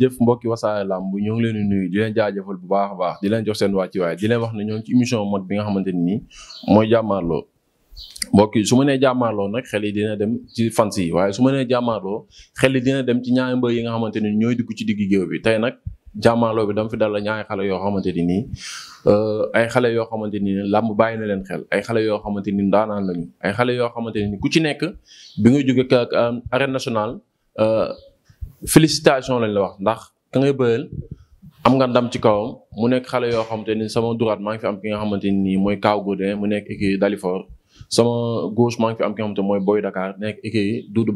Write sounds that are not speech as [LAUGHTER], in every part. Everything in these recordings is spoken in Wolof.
jëf mbokki wasaare làmb ñoo ngi leen di nuyu di leen jaajëfal bu baax a baax di leen jox seen wàcc waaye di wax ne ñoo ngi ci émission mode bi nga xamante nii mooy jàmmaarloo mbokk yi su ma nee jàmmaarloo nag xel yi dina dem ci fans yi waaye su ma nee xel yi dina dem ci ñaari mbër yi nga xamante ni ñooy dugg ci digg géew bi tey nag jàmmaarloo bi dama fi dal la ñaari xale yoo xamante ni nii euh, ay xale yoo xamante ni làmb bàyyi na leen xel ay xale yoo xamante ni ndaanaan lañu ay xale yoo xamante ni ku ci nekk bi nga jóge arène nationale euh, félicitation lañ la wax ndax ka ngay bëyal am nga ndam ci kaw mu nekk xale yoo xamante ni sama droite maa ngi fi am ki nga xamante ni mooy Kaaw Godin mu nekk écurie Dalifort sama gauche maa ngi fi am ki mooy Boy Dakar nekk écurie Doudou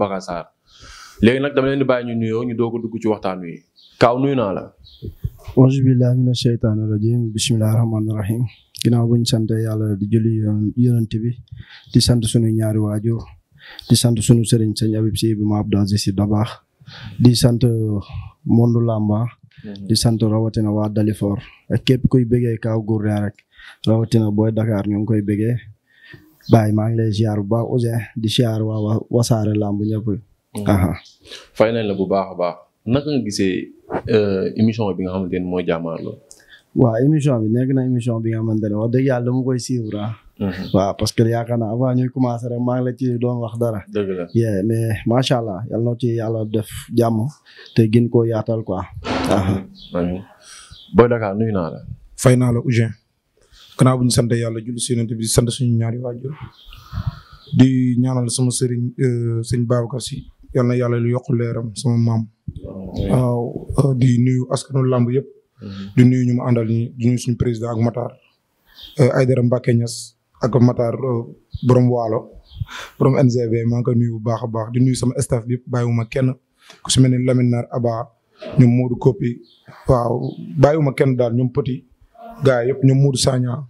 léegi nag dama leen di bàyyi ñu nuyoo ñu doog a ci waxtaan wi Kaaw nuyu naa la. auzu billahi mina shaytaani rajim bismillahi rahmaani rahim bu ñu sante yàlla di julli yonent bi di sant sunu ñaari waajur di sant sunu sëriñ sëñ Abib Si bi ma Abdou Aziz Si Dabaax di sant mondu làmba mhm. di sant rawatina waa Dalifor ak képp kuy bëggee Kaw Gourdin rek rawatina booy Dakar ñu ngi koy bëggee baay maa ngi lay ziar bu baax Ouzin di ziar waa wasaare làmb ñëpp. Mhm. fay la bu baax ba baax naka nga gisee euh, émission bi nga xamante ne mooy jàmmaarloo. waaw émission bi nekk na émission bi nga xamante ne wax dëgg koy suivre ah. Mhm. waaw parce que yaakaar naa avant ñuy commencé rek maa la ci doon wax dara. dëgg la yeah mais macha allah yal na ci yàlla def jàmm te gën koo yaatal quoi. Mhm. amiin Boy Dakar nuyu naa fay naa la Ouzin. gannaaw bu ñu sant yàlla julli si yonent bi sant suñu ñaari waajur di ñaanal sama sëriñ euh, sëñ Babacar si yal na yàlla lu yokk leeram sama maam. Euh, di nuyu askanu làmb yëpp. Mhm. di nuyu ñu mu àndal ñi di nuyu suñu président ak Matar. Euh, Aïdara Mbacke Niass ak Matar euh, borom waalo borom NGV maa ngi koy nuyu bu baax a baax di nuyu sama yëpp bi bàyyiwuma kenn ku si mel ni Lamine Nar Aba ñoom Modou Kopi waaw bàyyiwuma kenn daal ñoom petit gars yëpp ñoom Modou Sagna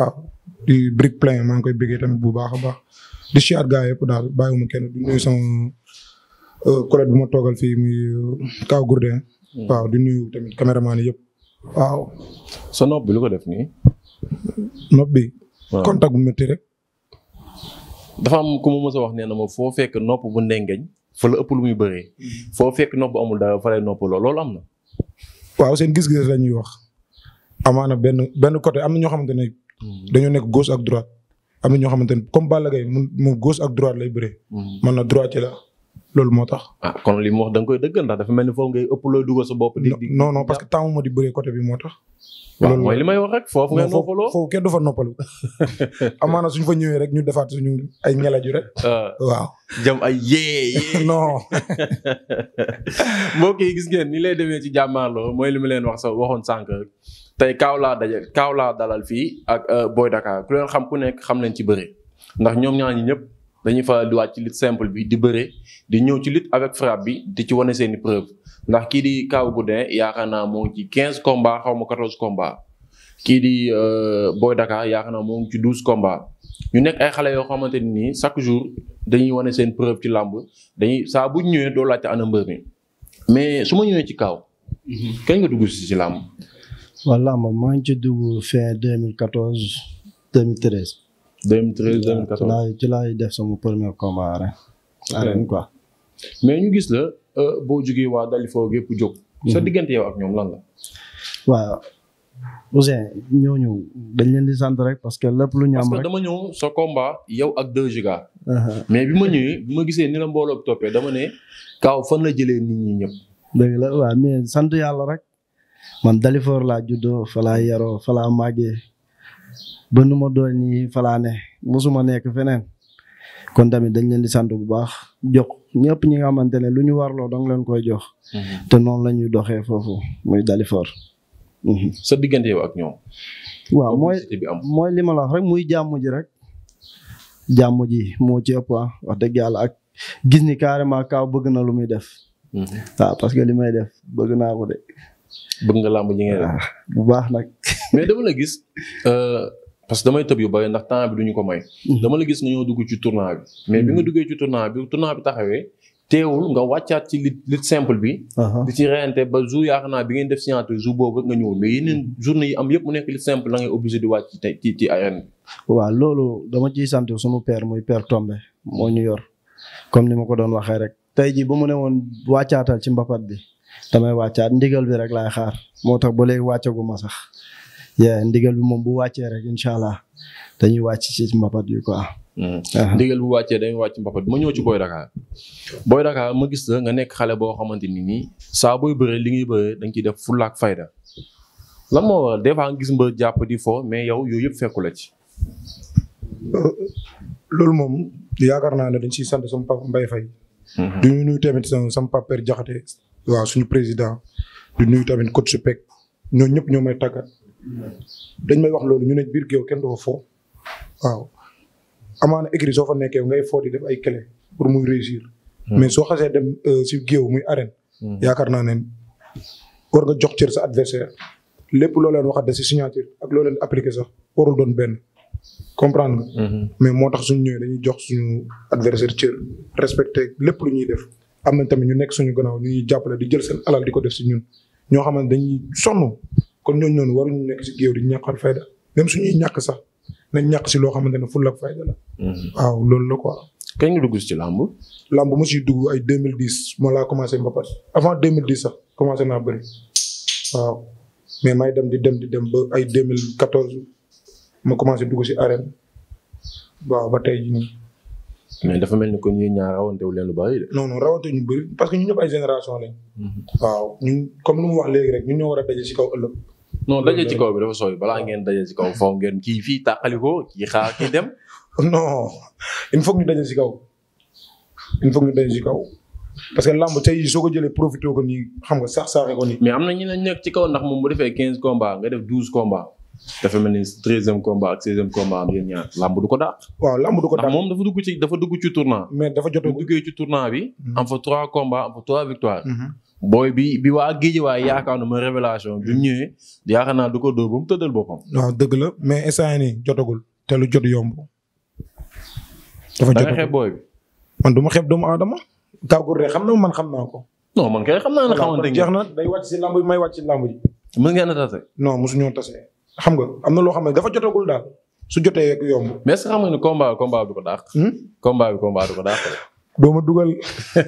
waaw di brick plein maa ngi koy bëggee tamit bu baax a baax di siyaat gars yëpp daal bàyyiwuma kenn di nuyu sama euh, collègue bu ma toogal fii muy euh, Kaw Gourdin hmm. waaw di nuyu tamit caméraman yëpp waaw. sa nopp lu ko def nii. nopp contact bu métti rek. dafa am ku ma mos a wax nee na ma foo fekk nopp bu ndengeñ fa la ëpp lu muy bëree. Mm-hmm. foo fekk nopp amul dara fa lay nopp loolu am na. waaw seen gis-gis la ñuy wax. amaana benn benn côté am na ñoo xamante ne. Mm-hmm. dañoo nekk gauche ak droite. am na ñoo xamante ne comme Balla Gaye mu mu gauche ak droite lay bëree. Mm-hmm. man na droite la. loolu moo tax. ah kon li mu wax da koy dëggal ndax dafa mel ni foofu ngay ëpp looy dugal sa bopp. di di non non parce que temps ma di bëree côté bi moo tax. loolu mooy li may wax rek foofu nga noppaloo foofu kenn du fa noppalu. [LAUGHS] amaana suñ fa ñëwee rek ñu defaat suñu ay ñelaju rek. Ah. waaw ay yee yee. [LAUGHS] [LAUGHS] gis ngeen ni lay demee ci jàmmaarloo mooy li ma leen wax sa waxoon sànq. tey kaaw laa daje kaaw laa dalal fii ak euh, Boy Dakar ku leen xam ku nekk xam nañ ci bëri ndax ñoom ñaar ñi ñëpp. dañuy faral di wàcc ci lutte simple bi di bëre di ñëw ci lutte avec frappe bi di ci wane seeni preuve ndax kii di Kaw Gourdin yaakaar naa moo ngi ci 15 combats xaw ma 14 combats kii di euh, Boy Dakar yaakaar naa moo ci 12 combats. ñu nekk ay xale yoo xamante ni nii chaque jour dañuy wane seen preuve ci làmb dañuy saa bu ñëwee doo laajte ana mbër mi mais su ma ñëwee ci Kaw. Mhm. kañ nga dugg si ci làmb. waaw làmb maa ngi ci dugg fin 2014 2013. 2013 2014 laa ci laay def sama premier combat a ren quoi. mais ñu gis la euh, boo jógee waa Dalifort yëpp jóg. sa mhm. diggante yow ak ñoom lan la. waaw Ousseyn ñooñu dañ leen di sant rek parce que lépp lu ñu am rek dama ñëw sa yow ak 2 giga. Uh-huh. mais bi ma ñëwee bi ma gisee ni la mbooloo bi toppee dama ne kaaw fan la jëlee nit ñi ñëpp. dëgg sant yàlla rek man Dalifort laa juddoo fa laa yaroo fa laa màggee. ba nu ma doon ñi falaane mosuma nekk feneen kon tamit dañ leen di sant bu baax jox ñëpp ñi nga xamante ne lu ñu warloo danga leen koy jox. Mm-hmm. te noonu la ñuy doxee foofu muy Dalifort. Mm-hmm. sa diggante yow ak ñoom. waaw mooy mooy li ma la wax rek muy jàmm ji rek. jàmm ji moo ci ëpp ah, wax dëgg yàlla ak gis ni carrément kaaw bëgg na lu muy def. Mm-hmm. waaw parce que li may def bëgg naa ko de. nga ah, bu baax nag. [LAUGHS] mais dama la gis. Euh, parce que damay tëb yu bari ndax temps bi duñu ko may. Mhm. dama la gis nga ñoo dugg ci tournoi bi. mais bi nga mhm. duggee ci tournoi bi tournoi bi taxawee. teewul nga wàccaat ci lit simple bi. Uh-huh. di ci reyante ba jour yaakaar naa bi ngeen def signature jour nga ñëwul mais yeneen mhm. journée yi am yëpp nekk lit la ngay obligé di wàcc tey ci ci arène bi. waaw dama ciy sant sunu père muy père Tombe moo ñu yor comme ni ma ko doon waxee rek. tey jii ba mu ne woon wàccaatal ci mbapat bi damay wàccaat ndigal bi rek laay xaar moo tax ba léegi ma sax. ndigal bi moom bu wàccee rek incha allah dañuy wàcc ci mbapat yi quoi. Hmm. Uh-huh. ndigal bu wàccee dañuy wàcc mbapat ma ñëw ci booy Dakar. booy Dakar ma gis la nga nekk xale boo xamante ni nii saa booy bëree li ngay bëree da nga ciy def fulaak fayda lan moo nga gis mba jàpp di fo mais yow yooyu yëpp fekku la ci. Uh, loolu moom yaakaar naa ne dañ ciy sant sama mbay fay Faye. Hmm. du ñu nuyu tamit sama papa Père waa suñu président du nuyu tamit coach Pek ñooñu ñëpp ñoo may tàggat. dañ may wax loolu ñu ne biir géew kenn du fa fo waaw amaana écrit soo fa nekkee ngay foo di def ay clé pour muy réussir. Hmm. mais soo xasee dem euh, si géew muy arène. Hmm. yaakaar naa ne war nga jox cër sa adversaire lépp loo leen waxat de si signature ak loo leen sax warul doon benn. comprendre hmm. mais moo tax suñu ñëwee dañuy jox suñu adversaire cër respecté lépp lu ñuy def am nañ tamit ñu nekk suñu gannaaw ñuy jàppale di jël seen alal di ko def si ñun ñoo xam ne dañuy sonn. kon ñooñu noonu waruñu nekk si géew di ñàkkal fayda même suñuy ñàkk sax nañ ñàkk si loo xamante ne fulla ak fayda la. Mhm. waaw loolu la ko kañ nga dugg ci làmb. làmb mu siy dugg ay 2010 moo laa commencé mbapat avant 2010 sax commencé naa bëri waaw mais may dem di dem di dem ba ay 2014 ma commencé dugg si arène waaw ba tey jii mais dafa mel ni kon ñuy ñaar rawante wu leen lu bari de. non non rawante parce que ñu ñëpp ay génération lañ. Mhm. waaw ñun comme lu mu wax léegi rek ñu ñoo war a daje si kaw ëllëg. non daje ci kaw bi dafa sooy balaa ngeen daje ci kaw foog ngeen kii fii tàqalikoo kii xaar kii dem. [LAUGHS] non il foog ñu daje ci kaw il faut ñu daje ci kaw parce que lamb tey soo ko jëlee profité ko nii xam nga sax saaxe ko nii. mais am na ñu ne nekk ci kaw ndax moom bu defee quinze combats nga def douze combats. dafa mel ni treizième combat ak seizième combat am yéen du ko dàq. waaw lamb du ko dàq moom dafa dugg ci dafa dugg ci tournant. mais dafa jot a duggee ci bi. Mhm. am fa trois combats am fa booy bi bi waa Guédiawaye yaakaar na ma révélation bi ñëwee yaakaar naa du ko dóor ba mu tëddal boppam. waaw dëgg la mais instant nii jotagul te lu jot yomb. dafa jotagul da nga xeeb bi. man du ma xeeb doomu aadama. Gagou de xam na man xam naa ko. non man kay xam naa ne xamante ne jeex na day wàcc si lamb may wàcc si lamb ji. mën ngeen a tase. non mosuñoo tase. xam nga am na loo xam ne dafa jotagul daal su jotee rek yomb. mais est-ce que xam nga ni combat combat bi ko dàq. Hmm? bi ko dàq doo ma dugal.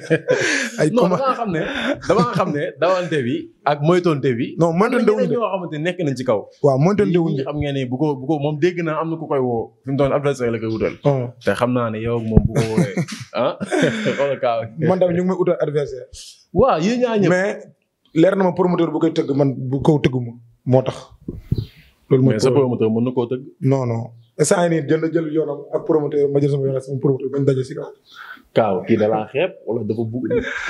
[LAUGHS] ay non dama xam ne dama xam ne dawante bi ak moytonte bi. non moytonte wuñ de ñoo xamante ne nekk nañ ci kaw. waaw moytonte wuñ de xam ngeen ne bu ko bu ko moom dégg naa am na ku koy woo. fi mu doon adversaire la koy wutal. Oh. te xam naa ne yow moom bu ko woowee [LAUGHS] ah [LAUGHS] man tamit ñu ngi may utal adversaire. waaw yéen ñaa ñëpp mais leer na ma promoteur bu koy tëgg man bu kaw tëggu moo tax. loolu mooy mais sa mën na koo tëgg. non non saa yi nii jël jël yoonam ak promoteur ma jël sama yoonam sama promoteur bañ daje si kaw. kaaw kii da laa xeeb wala dafa bugg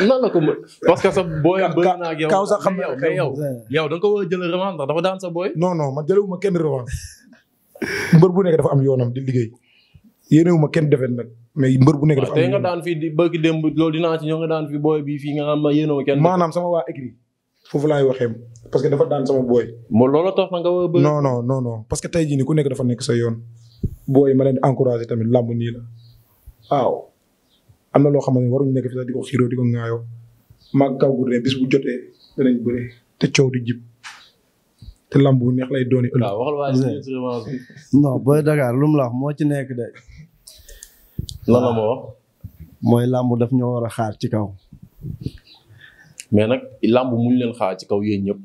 nan la ko mën parce que sa booy bëri naa kaaw a jël revanche ndax dafa daan sa booy non non man jëlewu ma kenn revanche mbër bu nekk dafa yoonam di liggéey yéenewu ma kenn defet nag mais mbër bu nekk dafa nga daan fii di bëgg démb loolu dinaa daan fi booy bii nga xam ma yéenewu kenn maanaam sama waa écrit foofu laay waxee parce que dafa daan sama booy moo loolu tax nga war parce que tey jii ni ku nekk dafa nekk sa yoon booy ma leen encouragé tamit làmb nii la waaw am na loo xamante ne waruñu nekk fi sax di ko xiiroo di ko ŋaayoo maag kaw Gourdin bis bu jotee danañ bëre te coow di jib te lamb bu neex lay dooni ëllëg. waaw waxal non Boy Dakar moo ci nekk de. lan la ma mooy lamb daf ñoo war a xaar ci kaw. mais nag lamb muñ leen xaar ci kaw yéen ñëpp.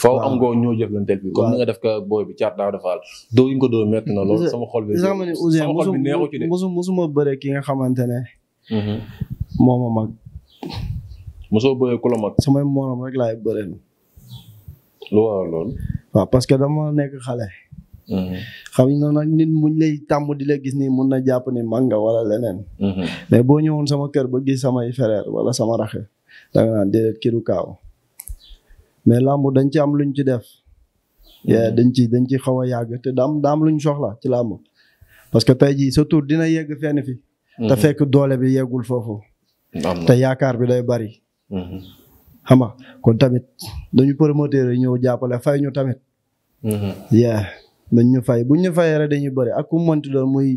faaw am ngoo ñoo jëflanteel bi comme booy bi caat daaw dafaal doo ñu ko doo métti na lool sama xol bi. sama xol ki nga xamante Mm-hmm. moo ma mag. mosoo bëree ku la mag. samay morom rek laay bëreel. lu waral loolu. waaw parce que dama nekk xale. Mm-hmm. xam nga nag nit mu lay tàmm di la gis nii mun na jàpp ni mag nga wala leneen. Mm-hmm. mais boo ñëwoon sama kër ba gis samay frère wala sama rax danga naan déedéet kii kaaw mais làmb dañ ci am luñ ci def. dañ ci dañ ci xaw a yàgg te daam daam luñ soxla ci làmb parce que tey jii sa tur dina yegg fenn fi. te mhm. fekk doole bi yeggul foofu. te yaakaar bi day bari. Mhm. xam nga kon tamit dañu promoteur yi ñëw jàppale fay ñu tamit. Mhm. yaa dañ ñu fay bu ñu fayee rek dañuy bëri ak ku mënti doon muy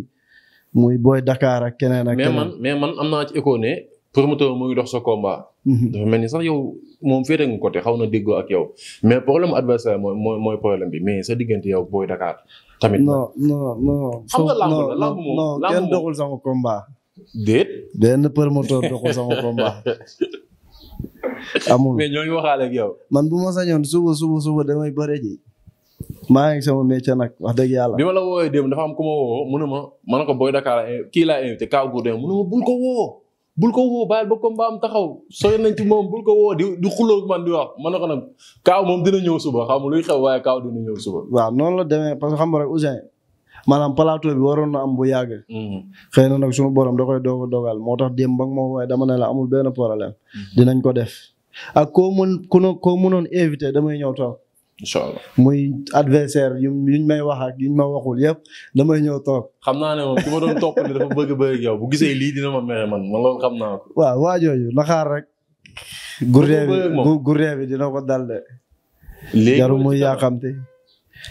muy booy Dakar keneen ak. mais man mais man am naa ci écho ne promoteur mu ngi dox sa combat. Mhm. dafa mel ni sax yow moom féete nga côté xaw na déggoo ak yow mais problème adversaire mooy mooy mooy problème bi mais sa diggante yow booy Dakar. tamit non non non. xam nga kenn doxul sama combat. déet. benn promoteur doxul sama combat. amul [LAUGHS] mais ñoo ngi waxaale ak yow. man bu ma sañoon suba suba suba damay bëre maa ngi sama métier nag wax dëgg yàlla. bi ma la woowee démb dafa am ku ma woo mu ne ma ko booy Dakar eh, kii laa invité Kaaw Gourdin mu ne ma bul ko woo. bul ko woo bàyyil ba am taxaw sooy nañ ci moom bul ko woo di di xuloo man di wax man na ko nag kaaw moom dina ñëw suba xam luy xew waaye kaaw dina ñëw suba. waaw noonu la demee parce que xam nga rek Ouzin maanaam plateau bi waroon na am bu yàgg. Mm-hmm. xëy na nag sunu borom da koy doog dogal moo tax démb ba nga ma dama ne la amul benn problème. Mm-hmm. dinañ ko def ak koo mën ku koo mënoon invité damay ñëw toog. incha allah muy adversaire yu yuñ may wax ak yuñ ma waxul yëpp damay ñëw toog. xam naa ne moom ki ma doon topp ni dafa bëgg bëgg yow bu gisee lii dina ma mere man man loolu xam naa ko. waa jooju na xaar rek. gurdee bi gurdee bi dina ko dal de. léegi jarul muy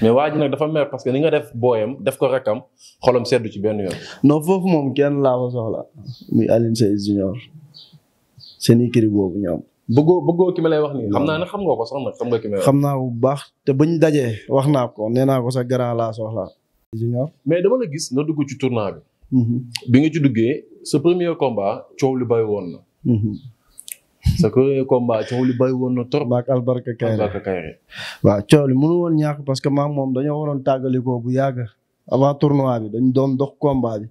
mais waa ji nag dafa mer parce que ni nga def booyam def ko rakam xolam seddu ci benn yoon. non foofu moom kenn laa fa soxla. muy Alioune Sèye Junior. seen ikiri boobu ñoom. bëggoo bëggoo ki ma lay wax nii. xam naa ne xam nga ko sax nag xam nga naa bu baax te bañ dajee wax naa ko nee naa ko sax grand laa soxla. mais dama la gis nga dugg ci tournoi bi. Mhm. nga ci duggee sa premier combat coow li bay woon na. Mhm. sa premier combat coow li bay na trop. waaw coow li mënu woon ñaax parce que maam moom dañoo waroon tàggalikoo bu yàgg avant tournoi bi dañ doon dox combat bi.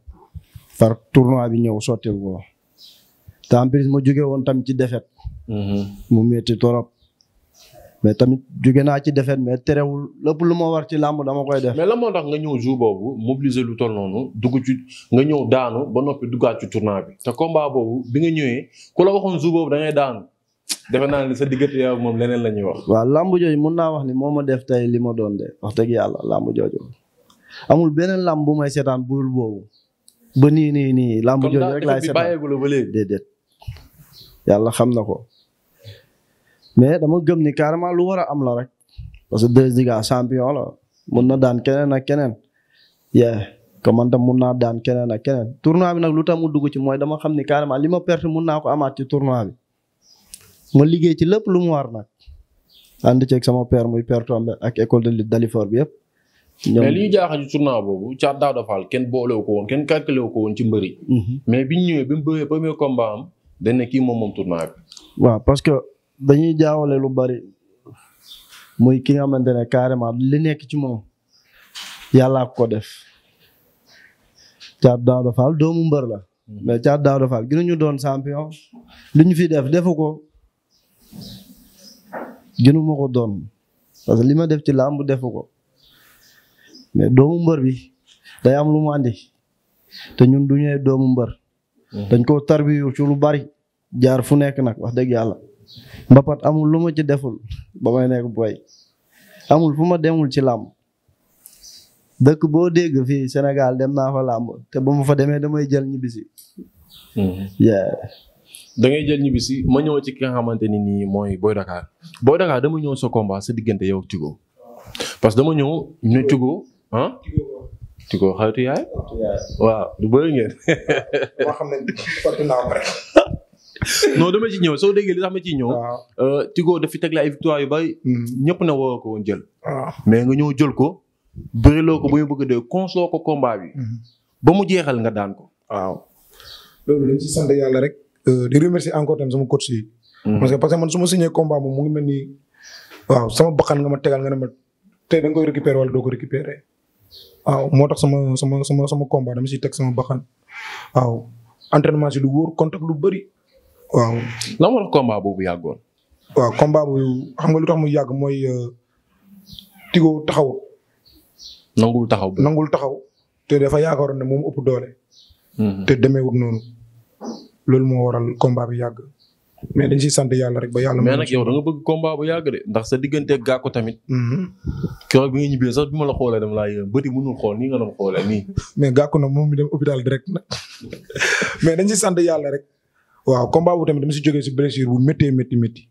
par tournoi bi ñëw sotteel ko. te ma jóge woon tam ci defet mm-hmm. mu métti torop mais tamit jóge naa ci defet mais terewul lépp lu ma war ci làmb dama koy def. mais la moo nga ñëw jour boobu lu toll noonu dugg ci nga ñëw daanu ba noppi duggaat ci tournoi bi. te combat boobu bi nga ñëwee ku la waxoon jour boobu da ngay daanu defe naa ne sa diggante yow moom leneen la ñuy wax. waaw làmb jooju mun naa wax ni moo ma def tey li ma doon de wax dëgg yàlla làmb jooju amul beneen làmb bu may seetaan budul boobu ba nii nii nii làmb jooju rek laay seetaan déedéet. yàlla xam na ko mais dama gëm ni carrément lu war a am la rek parce que deux Ziga champion la mun na daan keneen ak keneen yeah comme man tam mun naa daan keneen a keneen tournoi bi nag lu tam mu dugg ci mooy dama xam ni carrément li ma perte mun naa ko amaat ci tournoi bi ma liggéey ci lépp lu mu war nag ànd ceeg sama père muy père ak école de lutte Dalifort bi yëpp. mais li ñu ci tournoi boobu Thiat Daouda Fall kenn boolewu ko woon kenn calculé wu ko woon dañ ne kii moom moom tournoi waaw parce que dañuy jaawale lu bari muy ki nga xamante ne carrément li nekk ci moom yàllaa ko def Thiatou Daouda Fall doomu mbër la. Hmm. mais Thiatou Daouda Fall gënuñu doon champion li ñu fi def defu ko gënu ma ko doon parce que li ma def ci làmb defu ko mais doomu mbër bi day am lu mu te ñun du ñëwee doomu mbër. Mhm. dañ koo tarbiyu ci lu bari jaar fu nekk nag wax dëgg yàlla mbapat amul lu ma ci deful ba may nekk boy amul fu ma demul ci làmb dëkk boo dégg fii senegal dem naa fa làmb te ba mu fa demee damay jël ñibbisi mhm. dangay jël ñibbisi ma ñëw ci ki nga xamante ni nii mooy booy Dakar Boy Dakar dama ñëw sa combat sa diggante yow Tigo parce dama ñëw ñu Tigo ah di ko yaay. waaw du bëri ngeen. [LAUGHS] xam ne [LAUGHS] dama ci ñëw soo déggee li tax ma ci ñëw. Euh, Tigo dafi teg la ay victoire yu bari. Mm. ñëpp na waroo ko woon jël. mais nga ñëw jël ko. bëriloo ko ba ñu bëgg a dee consuloo ko combat bi. Mm-hmm. ba mu jeexal nga daan ko. waaw loolu dañ ci sant yàlla rek. Euh, di remercier encore tamit sama coach yi. Mm-hmm. parce que parce que man su ma signé combat moom mu ngi mel ni. waaw sama bakkan nga ma tegal nga ne te tey da koy récupérer wala doo ko récupérer. waaw moo tax sama sama sama sama combat dama si teg sama baxan waaw entraînement si lu wóor contact lu bari waaw. lan tax combat boobu yàggoon. waaw combat bu xam nga lu tax mu yàgg mooy euh, Tigo taxawul. nangul taxaw nangul taxaw te dafa yaakaaroon ne moom ëpp doole. Mhm. te demeewut noonu. loolu moo waral combat bi yàgg. mais dañ siy sant yàlla rek ba yàlla. mais nag yow da nga bëgg combat bu yàgg de ndax sa diggante gàkko tamit. Mm-hmm. keroog bi nga ñibbee sax bi ma la xoolee dam laa yërëm bëti mënul xool ni nga doon xoolee nii. [LAUGHS] mais gàkko nag moom mi dem hôpital direct nag [LAUGHS] mais dañ siy sant yàlla rek. waaw combat bu tamit mu si jógee si blessure bu méttee métti métti.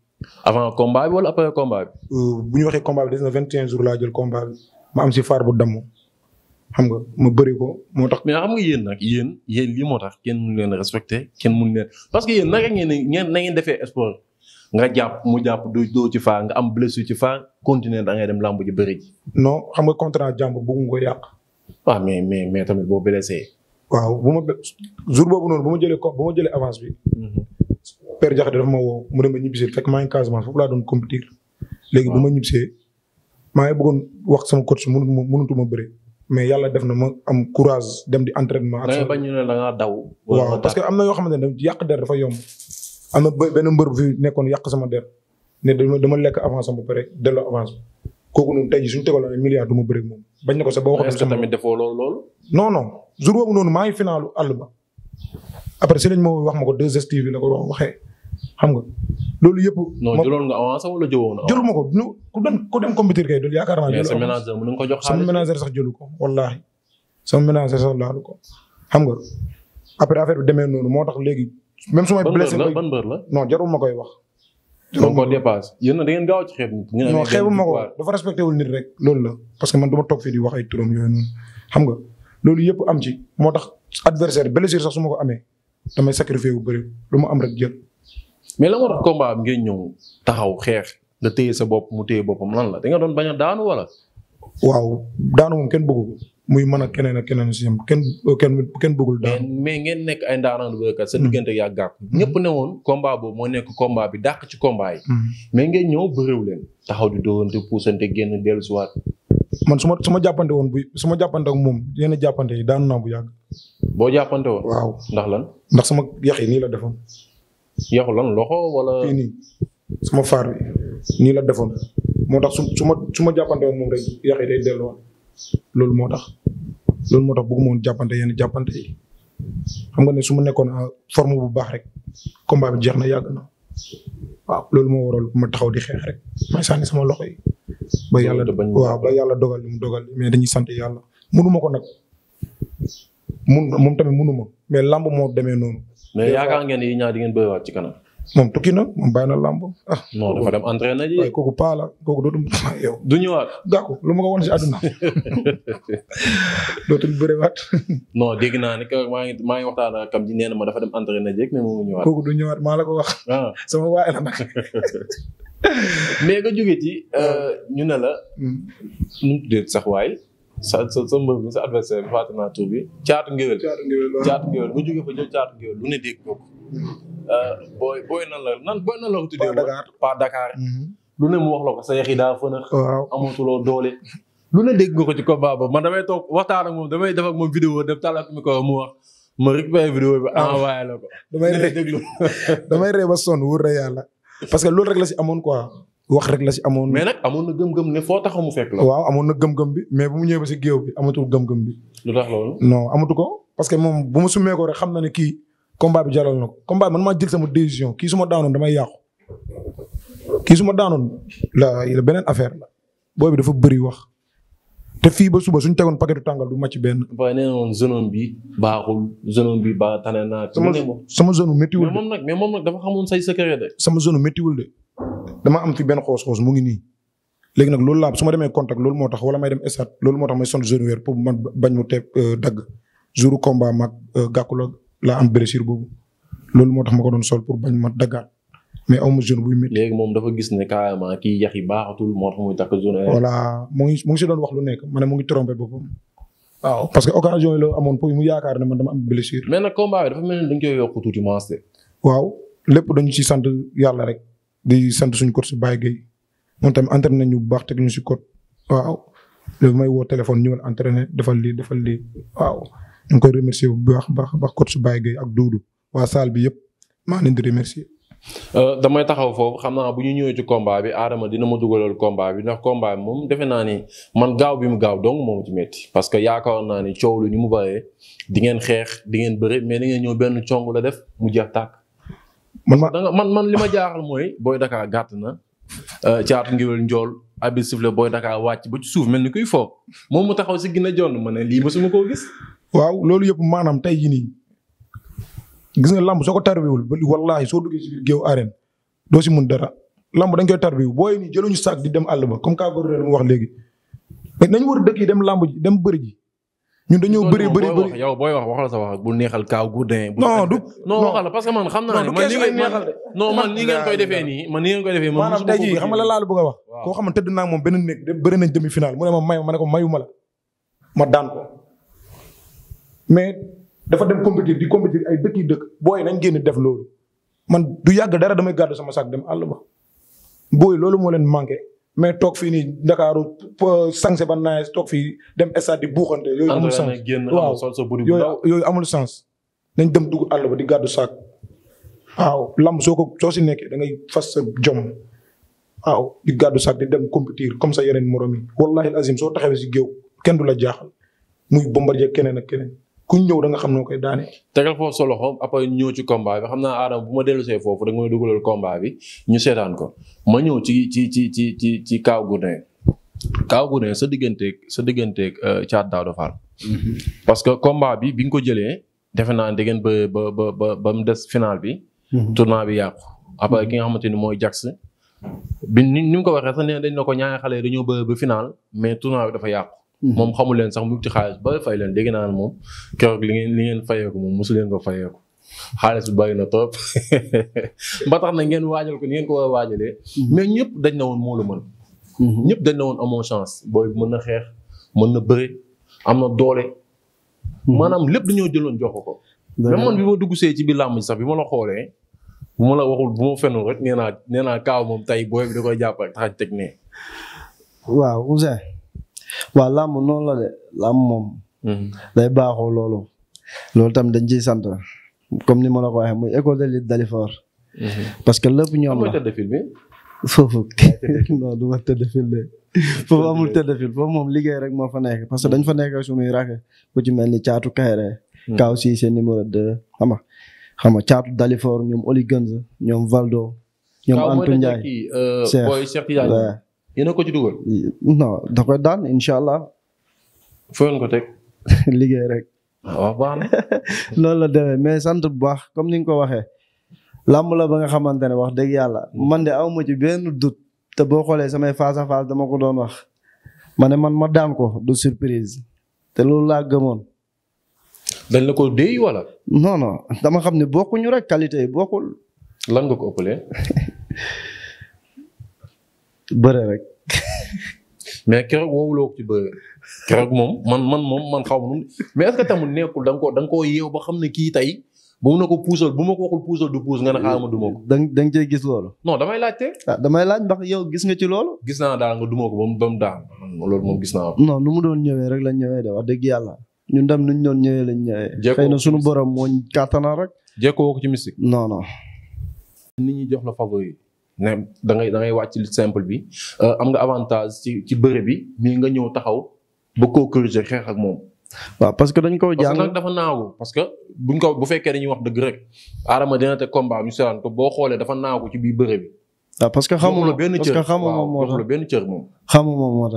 avant combat bi wala après combat euh, bu ñu waxee combat bi des na vingt et un jours laa jël combat bi ma am si faar bu damm. xam nga ma bëri ko moo tax. mais xam nga yéen nag yéen yéen lii moo tax kenn mun leen respecté kenn mun leen parce que yéen naka ngeen ngeen na ngeen defee sport nga jàpp mu jàpp doo doo ci faa nga am blessure ci faa continuer da ngay dem làmb ji bëri ji. xam nga contrat jàmbur bëgg nga ko yàq. waaw ah, mais mais mais tamit boo blessé. waaw bu ma jour boobu noonu bu ma jëlee ko bu jëlee avance bi. Mhm. per Diakhaté dafa ma woo mu dem a ñibbisee fekk maa ngi Casamance foofu laa doon compétir. léegi bu ma ñibbisee maa ngi bëggoon wax sama coach mënut ma bëri mais yàlla def na ma am courage dem di entraînement. da nga bañ ñu ne da nga daw. waaw parce que am na yoo xamante ne yàq der dafa yomb. am na benn mbër bu fi nekkoon yàq sama der ne dama dama lekk avance am ba pare delloo avance kooku noonu tey jii suñu tegaloon milliard du ma bëri moom. bañ na ko sax ba waxoon sama defoo loolu loolu. non non jour boobu noonu maa ngi finalu àll ba après si lañ ma wax ma ko 2STV la ko waxee. xam nga loolu yëpp. non jëloon nga avancé wala jëwoon na. jëluma ko nu ku dem ku dem compétir kay yaakaar naa. jëloon mais sa ménageur mën nga ko jox xaalis sama ménageur ko wallaahi sama ménageur sax laalu ko xam nga après affaire demee noonu moo tax léegi. même su may blessé ban bër la non jarul koy wax. jarul ma ko dépasse yéen da ngeen gaaw ci xeet. non xeebu ma ko dafa respecté wul nit rek. loolu la parce que man dama toog di wax ay turam yooyu noonu xam nga loolu yëpp am ci moo tax adversaire blessure sax su ma ko amee damay sacrifier bu bëri lu ma am rek jël mais la moo tax combat am ngeen ñëw taxaw xeex nga téye sa bopp mu téye boppam lan la da nga doon bañ a daanu wala. waaw daanu moom kenn buggu muy mën a keneen ak keneen si kenn kenn kenn bëggul daanu. mais ngeen nekk ay ndaanaan bërëkkat sa diggante mm. ñëpp ne woon combat boobu moo nekk combat bi dàq ci combat mm. mais ngeen ñëw bëriw leen. taxaw di dóorante puusante génn dellusiwaat. man su ma su ma jàppante woon bu su ma jàppante ak moom yenn jàppante yi daanu naa bu yàgg. boo jàppante woon. waaw ndax lan. ndax sama yax yi nii la defoon. yàqu lan loxo walla fii nii nii la defoon moo tax su su ma su ma jàppante woon moom rek yàq yi day loolu moo tax loolu moo tax bëgguma woon jàppante yenn jàppante yi xam nga ne su ma nekkoon forme bu baax rek combat bi jeex na yàgg na waaw loolu moo waral ma taxaw di xeex rek may sànni sama loxo yi. ba yàlla waaw ba yàlla dogal li mu dogal mais dañuy sant yàlla mënuma ko nag mun moom tamit mënuma mais lamb moo demee noonu. mais yaakaar ngeen yi ñaar di ngeen bëriwaat ci kanam. moom tukki na moom bàyyi na lamb. ah non dafa dem entraîné ji. waaye kooku paa la kooku dootum [LAUGHS] ah, du ñëwaat. d'accord lu ma ko won si [LAUGHS] bëriwaat. [LAUGHS] non dégg naa ne que maa maa ngi waxtaan ak kam ji ma dafa dem entraîné ji mais moom du ñëwaat maa la ko wax. Ah. sama waay la nag. mais nga jógee ci euh, ah. ñu ne la. Hmm. nu mu sax waay. sa sa sa mbër mi sa adversaire a fàtte naa tur bi caatu ngéwél caatu ngéwél fa jël ngéwél lu ne dégg ko euh, booy nan la nan booy nan la pas Dakar mhm. lu ne mu wax la ko sa yax yi daa fënax amatuloo doole lu ne dégg nga ko ci combat ba man damay toog waxtaan ak moom damay def moom vidéo def tàllal mi ko mu wax ma récupéré vidéo bi ah. envoyé la ko [LAUGHS] [LAUGHS] damay ree ba sonn wóor na yàlla parce que loolu rek si amoon quoi wax rek la si amoon. mais nag amoon na gëm-gëm ne foo taxaw mu fekk la. waaw amoon na gëm-gëm bi mais bu mu ñëwee ba si géew bi amatul gëm-gëm bi. lu tax loolu. amatu ko parce que moom bu ma summee ko xam na ne kii combat bi jaral na ko combat bi man maa jël sama décision kii su ma daanoon damay kii su ma daanoon beneen affaire la booy bi dafa bëri wax. te fii ba suba suñu tegoon paquetu tàngal du màcc benn. waaye nee na woon zone bi baaxul zone bi ba tane naa. sama sama zone méttiwul de mais moom nag mais moom nag dafa xamoon say secret sama zone méttiwul de. dama am fi benn xoos-xoos mu ngi nii léegi nag loolu laa su ma demee contact loolu moo tax wala may dem estat loolu moo tax may sonn genou wér pour bañ euh, euh, laa am blessure boobu loolu moo tax ma ko doon sol pour bañ ma daggaat mais aw ma genou léegi moom dafa gis ne carrément kii yax yi baaxatul moo tax muy takk genou. voilà mu ngi mu ngi si doon wax lu nekk ma ne mu ngi trompé boppam. waaw parce que occasion yi la amoon pour mu yaakaar ne man dama am blessure. mais nag combat bi dafa mel lépp dañu ci sant yàlla rek. di sant suñu coach Baye Gueye moom tamit entraîné ñu bu baax teg ñu si code waaw léegi may woo téléphone ñu ngi entraîné defal lii defal lii waaw ñu ngi koy remercier bu baax baax baax coach Baye Gueye ak Doudou waa salle bi yëpp maa leen di remercier. Euh, damay taxaw foofu xam naa bu ñu ñëwee ci combat bi Adama dina ma dugalool combat bi ndax combat bi moom defe naa ni man gaaw bi mu gaaw dong moom ci metti parce que yaakaar naa ni coow lu ni mu bëree di ngeen xeex di ngeen bëri mais da ngeen ñëw benn cong la def mu jeex man man man li ma jaaxal mooy booy Dakar gàtt na euh, caatu ngiwél njool abi sifle booy Dakar wàcc ba ci suuf mel ni kuy foo moom mu taxaw si gën a ma ne lii mësuma koo gis. waaw loolu yëpp maanaam tey jii nii gis nga lamb soo ko tarbiwul wallaahi soo duggee si biir géew arène doo si mun dara lamb dañ koy boo booy nii ñu saak di dem àll ba comme kaa góor mu wax léegi. nañ war dëkk yi dem lamb dem bëri ji ñun dañoo bari bëri bëri yow booy wax waxal sa wax bu neexal kaa Gourdin. non du non waxal parce que man xam na ne man ni ngeen non man ni ngeen koy defee nii man ni ngeen koy defee man maanaam tey jii xam nga la laalu bëgg a wax koo xam ne tëdd naa moom benn néeg bëri nañ demi final mu ne ma may ma ne ko ma la ma daan ko mais dafa dem compétir di compétir ay bët yi dëkk booy nañ génn def loolu man du yàgg dara damay gàddu sama saak dem àll ba booy loolu moo leen manqué mais toog fii nii Ndakaaru sanse ba naaj toog fii dem stade di buuxante. yooyu amul sens waaw yooyu amul sens. nañ dem dugg àll ba di gàddu saak. waaw lamb soo ko soo si nekkee da ngay fas sa jom. waaw di gàddu saak di dem compétir comme sa yeneen morom yi wallaahi azim soo taxawee si géew kenn du la jaaxal muy bombardier keneen ak keneen. ku ñëw da nga xam noo koy daane. tegal foofu sa loxo après ñëw ci combat bi xam naa Adama bu ma dellu see foofu rek mooy dugalal combat bi ñu seetaan ko ma ñëw ci ci ci ci ci ci Kaaw Gourdin Kaaw Gourdin sa digganteeg sa digganteeg euh, Thiat Daouda Fall. Mm-hmm. parce que combat bi bi nga ko jëlee defe naa dégg ngeen ba ba ba ba mu des final bi. Mm-hmm. tournoi bi yàqu. après ki nga mm-hmm. xamante ni mooy Jax. bi ni ni mu ko waxee sax nee dañ na ko ñaari xale dañoo ba ba mais tournoi bi dafa yàqu. Mm-hmm. moom xamul leen sax mu ci xaalis ba fay leen dégg naa ne moom keroog li ngeen li ngeen fayeeku moom mosu leen ko fayeeku xaalis bi bari na trop [LAUGHS] ba tax na ngeen waajal ko ni ngeen ko war a waajalee. Mm-hmm. mais ñëpp dañ na woon moo la man mm-hmm. ñëpp dañ na woon amoo chance booy mën na xeex mën na bëre am na doole. maanaam lépp dañoo jëloon jox ko. même man bi ma dugg see ci bi làmb ji sax bi ma la xoolee. bu ma la waxul bu ma fenul rek nee naa nee naa kaaw moom tey booy bi da koy jàpp ak tax teg nee. waaw làmb noonu la de làmb moom. Mhm. day baaxoo loolu. loolu tam dañ ciy sant comme ni ma la ko waxee muy école de lutte Dalifort. Mhm. parce que lépp ñoom la foofu [LAUGHS] non du ma tëdd fil de moom liggéey rek moo fa nekk parce que dañ fa nekkee nekk suñuy raxe ku ci mel ni caatu kayre mhm. kaaw si seen numéro deux xam nga caatu Dalifor ñoom Oli ñoom Valdo ñoom Antu Njaay yéen a ko ci dugal. non da daan incha allah. fooyoon ko teg. [LAUGHS] liggéey rek. Ah, waaw baax na. [LAUGHS] loolu la demee mais sant bu baax comme ni nga ko waxee. làmb la ba nga xamante ne wax dëgg yàlla man de awma ci benn dut te boo xoolee samay face à dama ko doon wax. ma ne man ma daan ko du surprise. te loolu laa gëmoon. dañ la ko déy wala. non non dama xam ne bokkuñu rek qualité yi bokkul. lan nga ko ëppalee. [LAUGHS] bëre rek. [LAUGHS] mais keroog woowuloo ko ci bëre keroog moom man man moom man xaw ma [LAUGHS] mais est-ce nekkul da nga koo da koo yeew ba xam ne kii tey. bu mu ne ko puusal bu ma ko waxul puusal du puus ne xaaral ma duma ko. da nga cee gis loolu. non damay laajte. Ah, damay laaj ndax yow gis nga ci loolu. gis naa daal nga duma ko ba mu ba mu loolu moom gis naa nu mu doon ñëwee rek lañ ñëwee de wax dëgg yàlla ñun dem ñu doon ñëwee lañ ñëwee. xëy na sunu borom moo kàttanaa rek. jéego woo ko ci mystique. non non. nit ñi jox la favori ne da ngay da ngay wàcc lutte simple bi euh, am nga avantage ci ci bëre bi mii nga ñëw taxaw ba koo corriger xeex ak moom. waaw parce que dañ ko jàng dafa naagu parce que buñ ko bu fekkee dañuy wax dëgg rek Adama dina te combat ñu seetaan ko boo xoolee dafa naagu ci biir bëre bi. waaw ah, parce que xamuma parce que xamuma moo tax benn cër moom. xamuma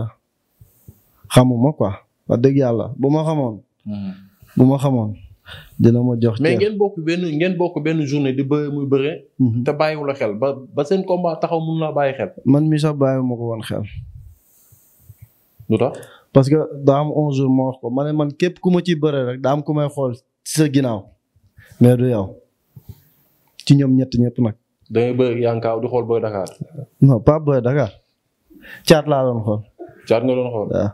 moo tax dëgg yàlla bu ma xamoon. Hmm. bu ma xamoon. dina ma jox mais ngeen bokk benn ngeen bokk benn journée di bëre muy bëre. Mhm. te bàyyiwula xel ba ba seen combat taxaw mun laa bàyyi xel. man mi sax bàyyiwuma ko woon xel. lu tax parce que daa am 11 jours ma wax ko ma man képp ku ma ci bëre rek daa am ku may xool ci sa ginnaaw mais du yow ci ñoom ñett ñëpp nag. da ngay yankaaw di xool Boy Dakar. non pas Boy Dakar caat laa doon xool. caat nga doon xool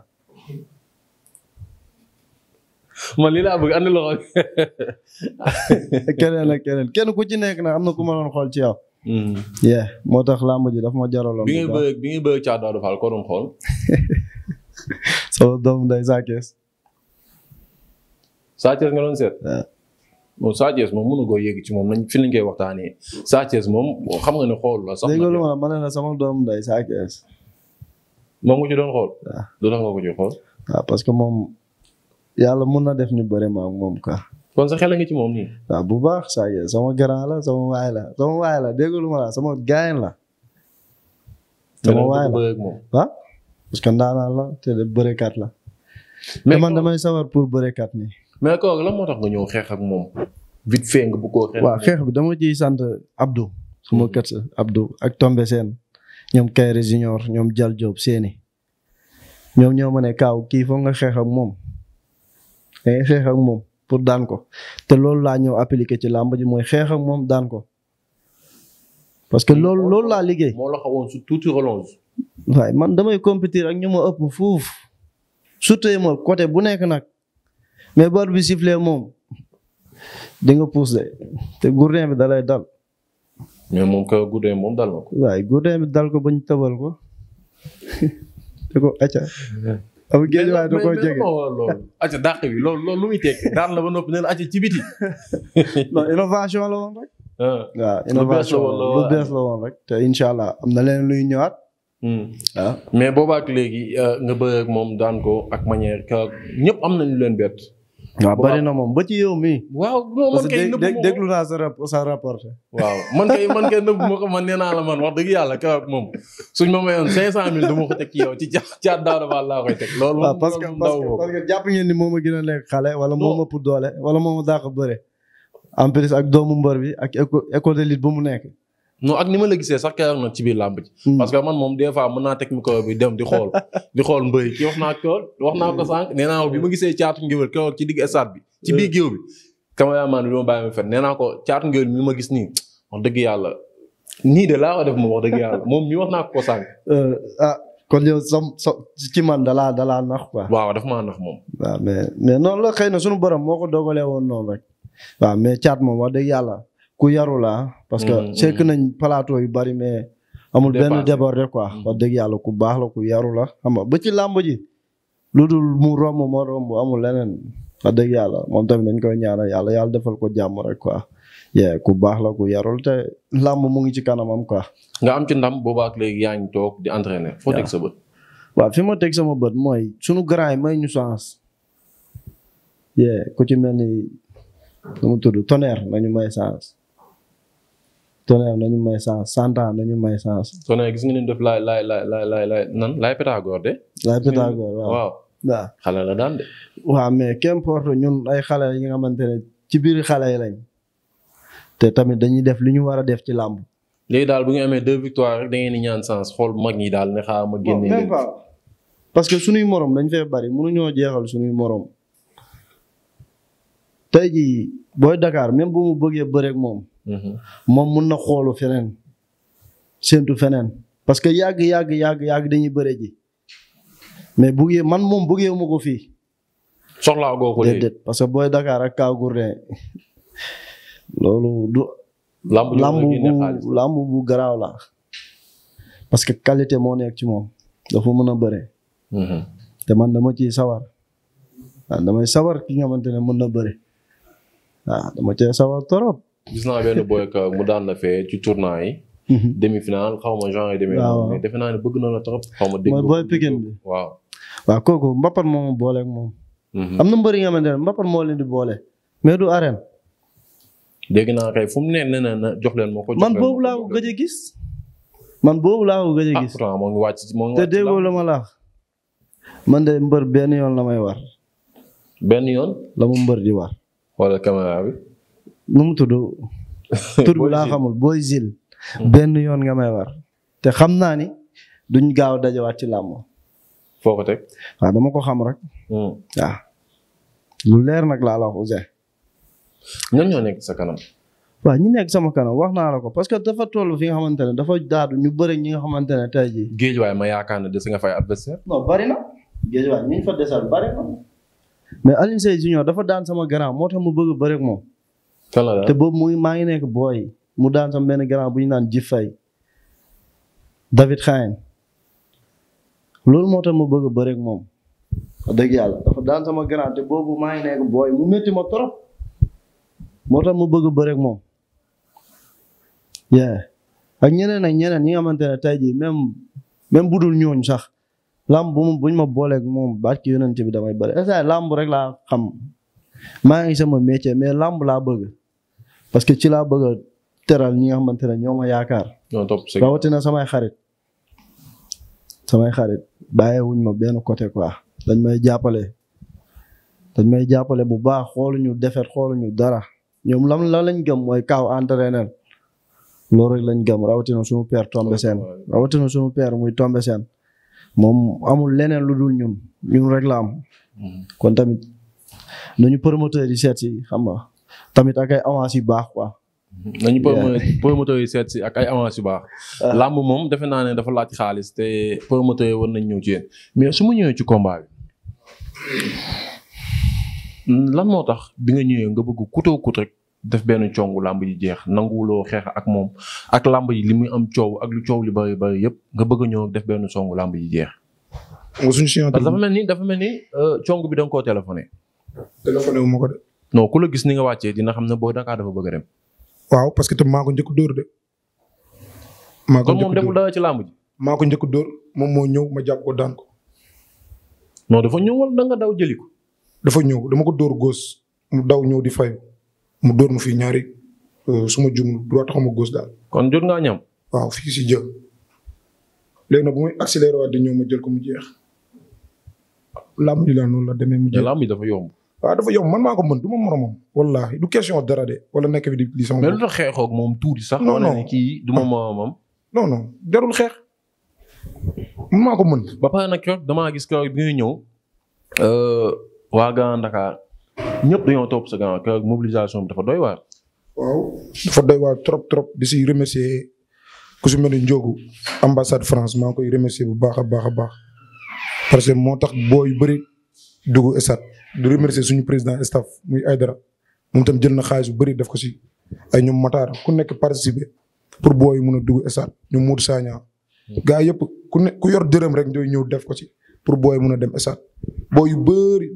man lii laa bëgg andi loxo [LAUGHS] keneen ak kenn ku ci nekk na am na ku ma doon xool ci yow. Hmm. moo tax làmb ji daf ma jaraloon. bi ngay bëgg bi ngay bëgg caa ko doon xool. [LAUGHS] sama doom day Sa Thiès. Sa Thiès nga doon seet. moom ci moom lañ fi lañ koy waxtaanee Sa Thiès moom xam nga ne xool la. sax dégg nga ma sama doom day Sa moom nga ci doon xool. Ah, parce que moom. yàlla mun na def ñu bëri ma ak moom quoi. kon sa xel nga ci moom nii. waaw bu baax saa yéen sama grand la sama waay la sama waay la dégg lu ma la sama gaayen la. sama waay la ah parce que ndaanaan la te de bërekat la. mais man damay pour bërekat nii. mais moo tax nga ñëw xeex ak moom. vite fait nga bu ko xeex. waaw xeex bi dama ciy sant Abdou. suma kër sa Abdou ñoom Kayre Junior seeni ñoom ñoo ma ne kaaw kii foog moom. da ngay xeex ak moom pour daan ko te loolu laa ñëw appliqué ci làmb ji mooy xeex ak moom daan ko parce que loolu loolu laa liggéey. moo la xawoon su tuuti man damay compétir ak ñu ma ëpp fuuf surtout ma côté bu nekk nag mais bor bi sifflé moom dinga nga pousse de te gourdin bi dalay dal. mais moom ka gourdin moom dal na ko. waaye gourdin bi dal ko bañ tabal ko [LAUGHS] te ko acca. [LAUGHS] am géejawaay da koo jege acca dàq bi loolu loolu lu muy tekki daan la ba noppi ne la acca ci biti [LAUGHS] non innovation la woon rek ah. waaw innovation lu bees la woon rek te incha allah am na leen luy ñëwaat hmm. ah. mais boobaak léegi euh, nga bëgg moom daan ko ak manière que ñëpp am nañu leen bett waaw bëri na moom ba ci yow mii. waaw man kay nëbbu ma déglu naa waaw man kay man nëbbu ma ko man nee naa la man wax dëgg yàlla kaw ak moom suñ ma mayoon 500000 du ma ko teg ci yow ci ca caat daaw dafa laa koy teg. loolu moom a gën a nekk xale wala moom a pour doole wala moom a dàq bëre. en plus ak doomu mbër bi ak école de lutte ba mu nekk. non ak ni ma la gisee sax keroog nag ci biir làmb ji. Hmm. parce que man moom des fois mën naa teg micro bi dem di xool mbëy ki wax naa ko wax naa ko sànq nee naa ko bi ma nee naa ko caatu ngéwél mi ma gis nii wax dëgg yàlla nii de laa ko def moom wax dëgg yàlla moom mi wax naa ko ko sànq. Euh, ah kon yow som som ci man dalaa dalaa nax quoi. waaw daf maa nax moom. waaw mais mais noonu la xëy na sunu borom moo ko dogalee woon noonu rek. waaw mais caat moom wax dëgg yàlla. ku yaru la parce que mm, mm. sekk nañ plateau yu bari mais amul benn débordé quoi mm. wax dëgg yàlla ku baax la ku yaru la xam nga ba ci làmb ji lu dul mu romb ma romb amul leneen wax dëgg yàlla moom tamit dañ ko ñaanal yàlla yàlla defal ko jàmm rek quoi yee ku baax la ku yarul te làmb mu ngi ci kanamam quoi nga am ci ndam boobaa ak léegi yaa ngi toog di entraîner foo teg sa bët waaw fi ma teg sama bët mooy sunu grand yi may ñu chance yee ku ci mel ni nu mu tudd tonnerre nañu may chance Tonnerre nañu may chance Santa nañu may chance. Tonnerre gis nga ni def laay laay laay laay laay nan laay Pythagore de. laay waaw waaw. xale la daan de. waaw mais qu'importe ñun ay xale yi nga xamante ne ci biir xale yi lañ te tamit dañuy def li ñu war a def ci làmb. léegi daal bu ñu amee deux victoires rek da ngeen ñaan chance xool mag ñi daal ne xaaral ma génne leen. parce que suñuy morom dañ fee bari mënuñoo jeexal suñuy moroom tey jii booy dakaar même bu mu bëggee bëreeg moom. Mm-hmm. moom mun na xoolu feneen séentu feneen parce que yàgg yàgg yàgg yàgg dañuy bëre ji mais buggee man moom buggee ma ko fi soxlaa goo ko déedéet parce que booy Dakar ak Kaa Gourdin loolu du. bu lamb garaaw la parce que qualité moo nekk ci moom dafa mën a bëre. Mm-hmm. te man dama ci sawar damay sawar ki nga xamante ne mën na bëre waaw dama cee sawar torop gis naa benn boyka mu daan la fee ci tournoi yi. Mhm. demi final xaw ma genre demi. waaw defe naa ne bëgg na la trop. xaw ma dégg mooy boy bi waaw. waaw kooku Mbappar moo ma booleeg mhm. na mbër yi ne Mbappar moo leen di boole mais du arène. naa kay fu mu ne jox leen ma man boobu laa ko gis. man boobu laa ko gëj ah, gis. ah moo ngi wàcc moo ngi wàcc la ma laax. man de mbër benn yoon la may war. benn yoon. la mu mbër di war. wala caméra bi. nu mu tudd. [LAUGHS] tur bi laa xamul booy Zil. Hmm. benn yoon nga may war te xam naa ni duñ gaaw dajawaat ci làmb. foo ko teg dama ko xam rek. Hmm. waaw lu leer nag laa la wax Ouzin. ñoom nekk sa kanam. waaw ñu nekk sama kanam wax naa la ko parce que dafa toll fi nga xamante ne dafa daadu ñu bëri ñi nga xamante ne tey jii. géej waay ma yaakaar ne des nga fay adversaire. non bari na géej waay ñu fa desal bari mais Alioune Seye Junior dafa daan sama grand moo tax ma bëgg a bëri moom. te boobu muy maa ngi nekk booy mu daan sama benn grand bu ñu naan ji fay David Khayen loolu moo tax ma bëgg a bëre moom wax dëgg yàlla dafa daan sama grand te boobu maa nekk booy mu métti ma trop moo tax ma bëgg a bëre ak moom. ak ñeneen ak ñeneen ñi nga xamante ne tey jii même même bu dul ñooñ sax lamb bu mu buñ ma booleeg moom barki yonent bi damay bëri est-ce que rek laa xam maa ngi sama métier mais làmb laa bëgg. parce que ci laa bëgg teral ñi nga xamante ne ñoo ma yaakaar. ñoo rawatina samay xarit samay xarit bàyyiwuñ ma benn côté quoi dañ may jàppale dañ may jàppale bu baax xooluñu defet xooluñu dara ñoom lam la lañ gëm mooy kaaw entraîneur loolu rek lañ gëm rawatina suñu père Tombe Sène rawatina suñu père muy moom amul leneen lu dul ñun ñun rek la mm-hmm. tamit nañu promoteur yi seet si xam nga. tamit ak ay avance yu baax ko nañu promoteur yi seet si ak ay avance yu baax. Ah. làmb moom defe naa ne dafa laaj xaalis te promoteur yi war nañ ñëw ci yéen mais su ma ñëwee ci combat bi. lan moo tax bi nga ñëwee nga bëgg kutoo kut rek def benn congu làmb ji jeex nanguwuloo xeex ak moom ak làmb yi li muy am coow ak lu coow li bari bari yëpp nga bëgg a ñëw def benn songu làmb ji jeex. nga suñu dafa mel ni dafa mel ni euh, congu bi da koo téléphoné. téléphoné wu ko de. non ku la gis ni nga wàccee dina xam ne boo Dakar dafa bëgg a dem. waaw parce que tam maa ko njëkk dóor de. maa ko njëkk moom deful dara ci làmb maako njëkk dóor moom moo ñëw ma jàpp ko daan ko. non ñëw wala da daw jëli ko. dafa ñëw dama ko dóor góos mu daw ñëw di fay mu dóor mu fii ñaari euh, suma ma jum droit taxaw ma góos daal. kon jot ngaa ñam. waaw fii si jël léegi nag bu muy accéléré waat di ñëw ma jël ko mu jeex. làmb ji la noonu la demee mu jeex làmb dafa yomb. waaw dafa yomb man maa ko mën du ma moromam wallaahi du question dara de wala nekk fi di li sama. mais lu tax moom tuuti sax. non no kii du ma moromam. non non jarul xeex. man maa ko mën. ba pare nag keroog damaa gis keroog bi ngay ñëw. Euh, ñëpp dañoo topp dafa doy waar. waaw dafa doy waar trop trop di si remercier ku si mel ni ambassade France maa koy remercier bu baax a baax a baax parce que moo tax booy dugg stade du remercier suñu président staff muy Aydara moom tam jël na xaalis bu bëri def ko si ay ñoom Matar ku nekk participer pour boo booy mun a dugg stade ñu Modou Sagna gaa yëpp ku nekk ku yor dërëm rek ñooy ñëw def ko si pour booy mun a dem stade boo yu bëri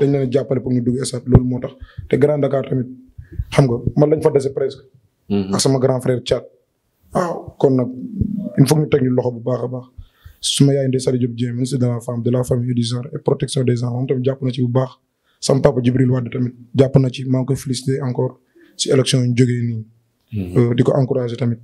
dañ leen a jàppale pour ñu dugg stade loolu moo tax te Grand Dakar tamit xam nga man lañ fa dese presque. Mm-hmm. ak sama grand frère Thiat waaw kon nag il foog ñu teg ñu loxo bu baax a baax. suma yaay Ndeye Saly Diop Dieng ministre de la femme de la famille du genre et protection des enfants moom bu baax sama papa Djibril Wade tamit jàpp na ci maa ngi koy félicité encore si élection hmm. euh, di ko encouragé tamit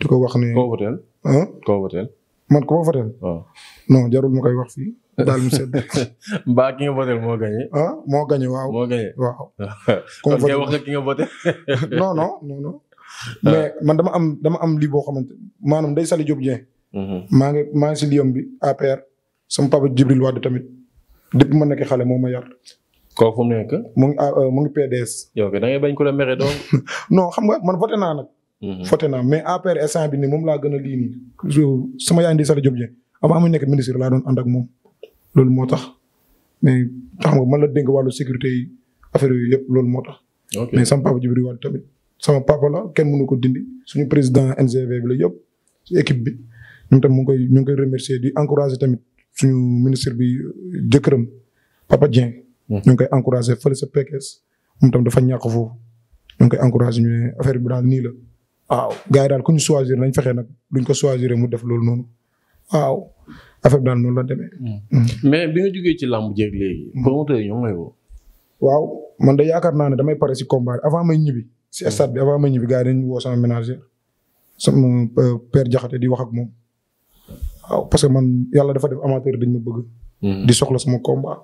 di ko wax ne. koo voteel. ah koo voteel. ma voteel. waaw oh. non jarul ma koy wax fii. daal mu sedd. [LAUGHS] mbaa ki nga voteel moo gagné. ah moo gagné waaw. moo gagné [LAUGHS] wax nga ki nga voté. [LAUGHS] non non non ah. mais man dama am dama am lii boo xamante maanaam day sali Diop Dieng. Mm-hmm. maa ngi maa ngi si liyam bi APR sama papa Jibril Wade tamit depuis ma nekk xale moom ma yar. kooku mu nekk. mu ngi ah, mu ngi PDS. yow da ngay bañ ko la mere donc. [LAUGHS] non xam nga man voté naa nag. Mm-hmm. voté naa mais APR instant bi nii moom laa gën a lii nii. sama yaay ndi Sala Diop Dieng avant mu nekk ministre laa doon ànd ak moom loolu moo tax mais xam nga man la dénk wàllu sécurité yi affaire yooyu yëpp loolu moo tax. mais sama papa Jibril Wade tamit sama papa la kenn mënu ko dindi suñu président NGV bi la yëpp équipe bi. ñun tam mu ngi koy ñu ngi koy remercier di encourager tamit suñu ministre bi jëkkëram Papa Dieng. Hmm. ñu ngi koy encourager fële sa PKS moom tam dafa ñàkk foofu ñu ngi koy encourager ñu affaire bi daal nii la. waaw gars daal ku ñu choisir nañ fexe nag duñ ko choisir mu def loolu noonu waaw affaire daal noonu la demee. Hmm. Hmm. mais bi nga jógee ci làmb jeeg léegi. promoteur yi ñoo ngi lay waaw man de yaakaar naa ne damay pare si combat avant may ñibbi. si stade bi avant may ñibbi gars yi dañu woo sama ménager sama euh, di wax ak moom. waaw parce que man yàlla dafa def amateur dañ ma bëgg. Hmm. di soxla sama combat.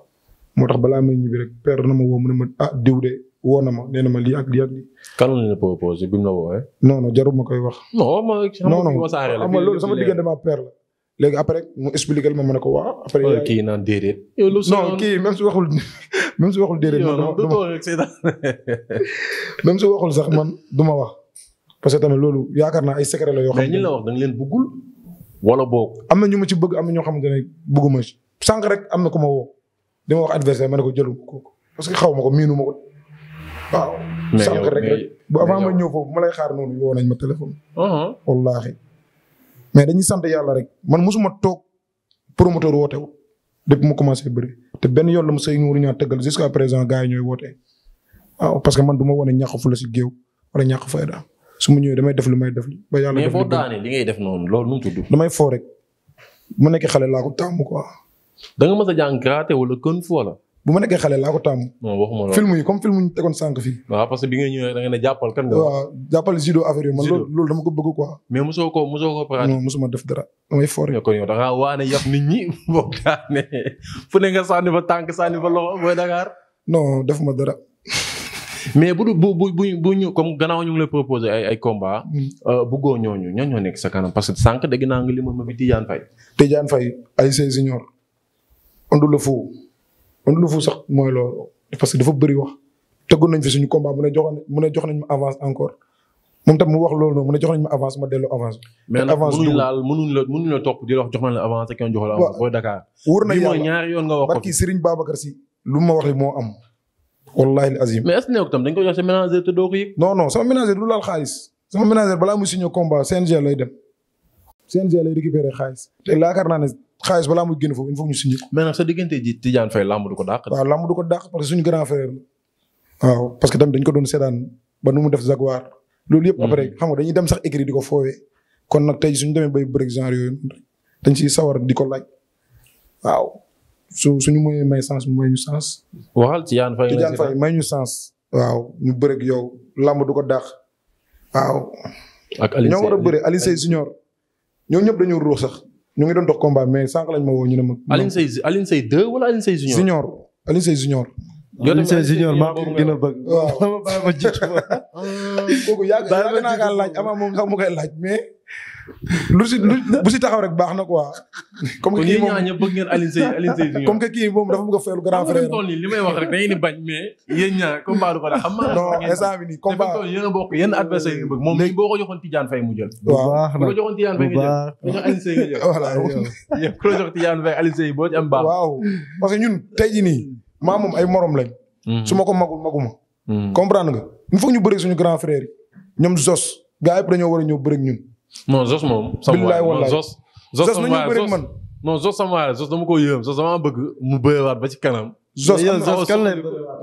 moo tax balaa may ñibbi rek père na ma woo mu ne ma ah diw de woo na ma nee ma lii ak lii ak lii. kan la ñu bi mu la woowee. non non ma koy wax. non ma xam nga loolu sama diggante ma père la. léegi après mu expliqué ma ma ne ko waaw. après yaay kii naan déedéet. non kii même su waxul [LAUGHS] même su waxul déedéet. man [LAUGHS] même su waxul sax man du ma wax. parce que loolu yaakaar naa ay secret yoo xam ne. mais ñi wax da leen bëggul. wala boog am na ñu ma ci bëgg am na ñoo xamante ne bëgguma ci sànq rek am na ku ma woo di ma wax adversaire ma ne ko jëlu ko parce que xaw ma ko miinu ma ko waaw. sànq rek ma ñëw foofu ma lay xaar noonu woo nañ ma téléphone. Uh-huh. wallaahi mais dañuy sant yàlla rek man mosuma toog promoteur woote wu depuis mu commencé bëri te benn yoon la mu sëy ñu ñaa tëggal jusqu'à présent gars yi ñooy woote waaw parce que man duma ma wane ñàkk fu la si géew wala ñàkk fayda su ma ñëwee damay def lu may def. ba yàlla def mais boo daanee li ngay def noonu loolu nu mu damay foo bu ma nekkee xale laa ko taamu quoi. da nga mës a jàng karaté wala kung fu wala. bu ma nekkee xale laa ko taamu. non waxuma loolu film yi comme film yi ñu tegoon nga ñëwee da nga ne jàppal kan nga. affaire yi man loolu dama ko bëgg quoi. mais ko mosoo ko pratiqué. non mosuma def dara damay foo rek. kon yow da ngaa waane yàpp nit ñi [LAUGHS] boo daanee fu ne nga sànni ba tànk sànni ba loxo booy Dakar. non defuma dara mais bu bu bu bu ñu comme gannaaw ñu ngi lay proposé ay ay combat mm. euh, bëggoo ñooñu ñan ñoo nekk sa kanam parce que sànq dégg naa nga limal ma bi Tidiane Faye. Tidiane ay say junior ondu la fu ondu la fu sax mooy loolu parce que dafa bëri wax tëggoon nañ fi suñu combat mu ne jox mu jox nañ ma avance encore moom tam mu wax loolu noonu mu jox nañ ma avance ma delloo avance. mais nag mënuñ laal mënuñ la mënuñ la topp di la wax jox ma la avance kenn jox la avance. Dakar. bi ñaari yoon nga wax ko barki Serigne Babacar si lu ma wax moo am. wallahi azim. mais tam dañ ko jox sa manager te doo ko yëg. non non sama manager du laal xaalis sama manager balaa muy signé combat CNG lay dem CNG lay récupéré xaalis te laakaar naa ne xaalis balaa muy génn foofu il faut ñu signé ko. mais nag sa ji Tidiane Faye lamb du ko dàq. waaw lamb du ko dàq parce que suñu grand frère waaw parce que tamit dañ ko doon seetaan ba nu mu def Jaguar. loolu yëpp hmm. après xam nga dañuy dem sax écrit di ko foowee kon nag tey suñu demee bay bëri genre dañ ciy sawar di ko laaj su suñu mënee may sens mu may ñu sens. waxal ci Tidiane Faye Tidiane Faye may ñu sens. waaw ñu bëreeg yow làmb du ko dàq. waaw. ñoo war a bëri Aliou Seye ñoo ñëpp dañu ruux sax ñu ngi doon dox combat mais sànq lañ ma woo ñu ne ma. Aliou Seye Aliou Seye 2 wala Aliou Seye Junior. Junior maa ko gën a bëgg. waaw dama [LAUGHS] bàyyi [LAUGHS] naa kaa laaj ama moom sax mu koy laaj mais. lu si lu bu si taxaw rek baax na quoi. comme que kii moom ñëpp bëgg ngeen Alioune Seye Alioune Seye [LAUGHS] comme que kii moom dafa bëgg a feelu grand frère. tool yi li may wax rek dañuy ni bañ mais yéen ñaar combat du ko xam nga. non instant bi nii combat tool yéen a bokk yenn adversaire yi bëgg moom boo ko joxoon Tidiane Faye mu jël. waaw boo ko joxoon Tidiane Faye nga jël jox Alioune Seye nga jël. [LAUGHS] voilà [LAUGHS] yow ku la jox Tidiane Faye Alioune Seye boo ci am baax. waaw parce que ñun tey jii nii maa moom ay morom lañ. Mm-hmm. su ma ko magul maguma. Mm-hmm. comprendre nga il faut ñu bëri suñu grand frère yi ñoom Zos gars yëpp dañoo war a ñëw bëri ñun non Zos moom. billaay wallaay Zos. Zos nañu bëri man non Zos sama waay Zos dama ko yërëm Zos dama bëgg mu bëriwaat ba kanam. Zos am na kan lay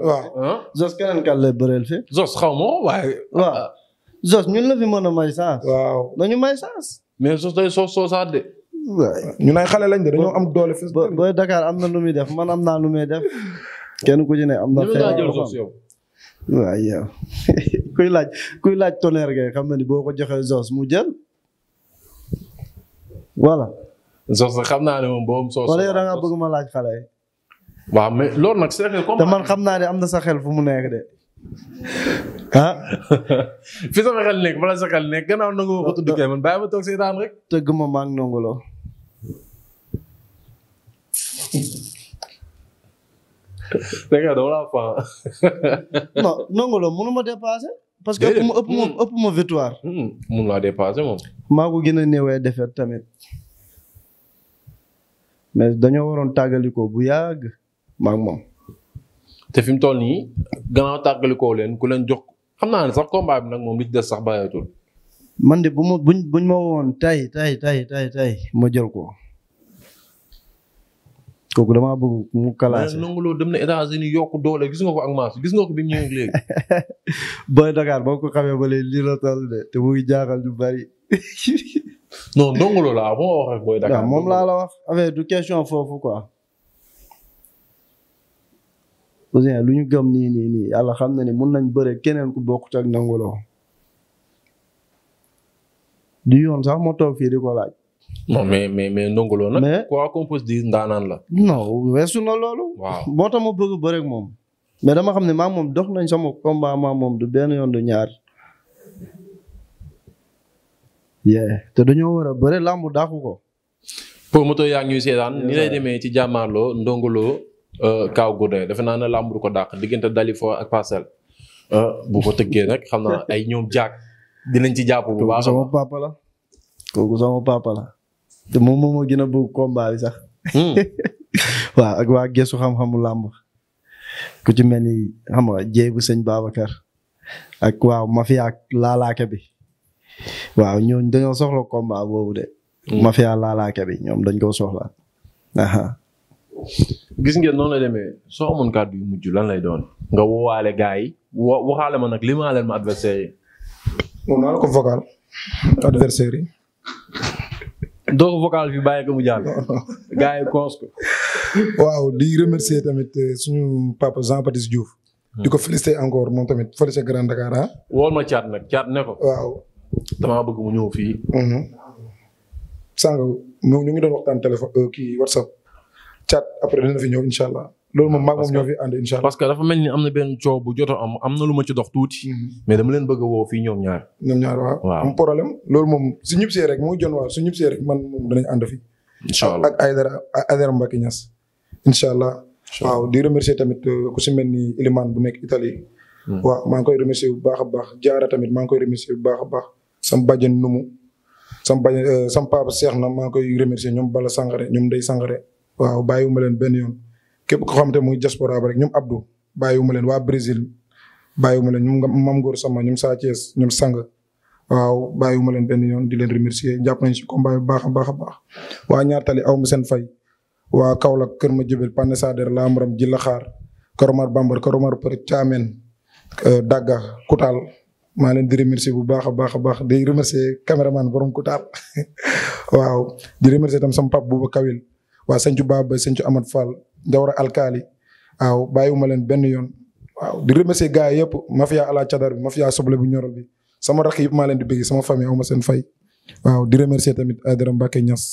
waaw Zos keneen kan lay bëreel fii. xaw ma waaye. waaw ah. Zos ñun la fi mën a may chance. waaw nañu may chance. mais Zos day soos soosaat de. ñu nay xale lañ de dañoo am doole. booy booy Dakar am na lu muy def man am naa lu muy def. kenn ku ci ne am na. yow. waaw yow [LAUGHS] kuy laaj kuy laaj tonnerre nga xam ne boo ko joxee Zos mu jël. voilà. sos nag xam naane ne moom boobu sos. wala yow da ngaa bëgg ma laaj xale yi. waaw mais loolu nag c'est comme. te man xam naa am na sa xel fu mu nekk de. [LAUGHS] ah. [LAUGHS] fi sama xel nekk bala sa nekk gannaaw nangu ma ko tëgg ma maa [LAUGHS] laa fa. non nongolo mënu ma parce que ëpp ma hmm. ëpp ma ëpp ma victoire. Hmm. mun laa dépassé moom. maa ko gën a néewee defet tamit mais dañoo waroon tàggalikoo bu yàgg maa ak te fi mu toll nii gannaaw tàggalikoo leen ku leen jox xam naa ne sax combat bi nag moom li des sax bàyyeetul. man de bu ma buñ buñ ma woon tay tay tay tay tay ma jël ko. kooku damaa bëgg mu kalaase. mais Ndongo Lo dem na doole gis nga ko ak maas gis nga ko bi ñëwee léegi. [LAUGHS] booy Dakar boo ko xamee ba léegi lii la de te mu ngi jaaxal ñu bari. [LAUGHS] non Ndongo Lo laa moo wax ak booy Dakar. moom laa la wax affaire du question foofu quoi. Ouzin lu ñu gëm nii nii nii xam na ne mun nañ bëre keneen ku bokkut ak Ndongo Lo. yoon sax moo toog di ko laaj. moom mais mais mais Ndongo Lo nag. mais quoi qu'on peut dire ndaanaan la. non weesu na loolu. waaw moo tax ma bëgg bëreeg moom. mais dama xam ne maam moom dox nañ sama combat maa moom du benn yoon du ñaar. te dañoo war a làmb daaku ko. promoteur yaa ngi ñuy ci jàmmaarloo Ndongo Lo euh, Kaw naa ne làmb ko dàq diggante Dalifort ak Parcelles. Euh, bu ko tëggee nag xam naa ay ñoom jaag dinañ ci jàpp bu sama papa la kooku sama papa te moom moom moo gën a bëgg combat bi sax. Hmm. [LAUGHS] waaw ak waa gesu xam-xamu làmb ku ci mel ni xam nga jéey ak waaw mafia ak laalaake bi waaw ñooñu dañoo soxla hmm. bi ñoom dañ koo soxla. gis ngeen noonu la demee soo amoon kàddu yu mujj lan lay doon nga woowaale gars yi waxaale ma nag li ma adversaire yi. moom naa ko vocal adversaire doo ko vocal fi bàyyi ko mu jàll. gars yi cons ko. [LAUGHS] di remercier tamit euh, suñu papa Jean Baptiste Diouf. Hmm. di ko féliciter encore moom tamit fële ca Grand Dakar ah. wool ma caat nag caat ne ko. waaw damaa bëgg mu ñëw fii. Hmm. sànq ñu ngi doon waxtaan téléphone euh, kii WhatsApp. caat après dina fi ñëw incha allah. loolu moom maag moom ñoo fi ànd incha allah. parce que dafa mel ni am na benn coow bu jot am am na lu ma ci dox tuuti. Mhm. mais dama leen bëgg a woo fii ñoom ñaar. ñoom ñaar waaw. am problème loolu moom su ñëpp rek moo jon waaw su ñëpp see rek man moom danañ fi. incha allah ak Aïdara Aïdara Mbacke Niass. incha allah waaw di remercier tamit euh, ku mel ni Ilimane bu nekk Italie. Hmm. waaw maa ngi koy remercier bu baax a baax jaara tamit maa ngi koy remercier bu baax a baax. sam bàjjen numu sam bàjjen euh, sam papa Cheikh na maa ngi koy remercier ñoom Bala Sangare ñoom day Sangare waaw bàyyiwuma leen benn yoon képp ko xamante mu diaspora ba rek ñoom Abdou bàyyiwuma leen waa Brésil bàyyiwuma leen ñoom Mame Ngor Sama ñoom Sa ñoom Sang waaw bàyyiwuma leen benn yoon di leen remercier jàpp nañ si combat bi baax a baax a baax waa ñaartali aw ma seen fay waa Kaolack Kër ma jëbel Pane Sader Lamram ji laxaar Karomar Bambar Karomar Për Thiamène euh, Dagga Koutal maa leen di remercier bu baax a baax a baax di remercier caméraman borom Koutal [LAUGHS] waaw di remercier tam sama pap Bouba Kawil waa Sancu Baba Sancu Amad Fall Jawara alkaali waaw bàyyiwuma leen benn yoon waaw di remercier gars yëpp mafia ala cadar bi mafia soble bu ñorol bi sama rakk yëpp maa leen di bëgg sama famille aw ma seen fay waaw di remercier tamit Aïdara Mbacké Niass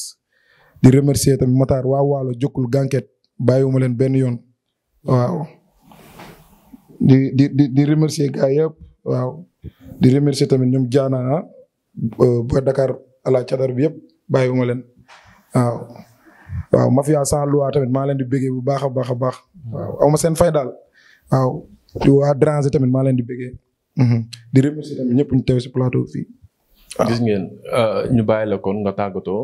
di remercier tamit Matar waa Waalo jokkul gànket bàyyiwuma leen benn yoon waaw di di di di remercier gars yëpp waaw di remercier tamit ñoom jaana euh, ba Dakar ala cadar bi yëpp bàyyiwuma leen waaw waaw mafia sans loi tamit maa leen di bëggee bu baax a baax a baax. ma seen fay daal. waaw di waa tamit maa leen di bëggee. Mhm. di remercier tamit ñëpp ñu teew si plateau fii. gis euh, ñu bàyyi la kon nga tàggatoo.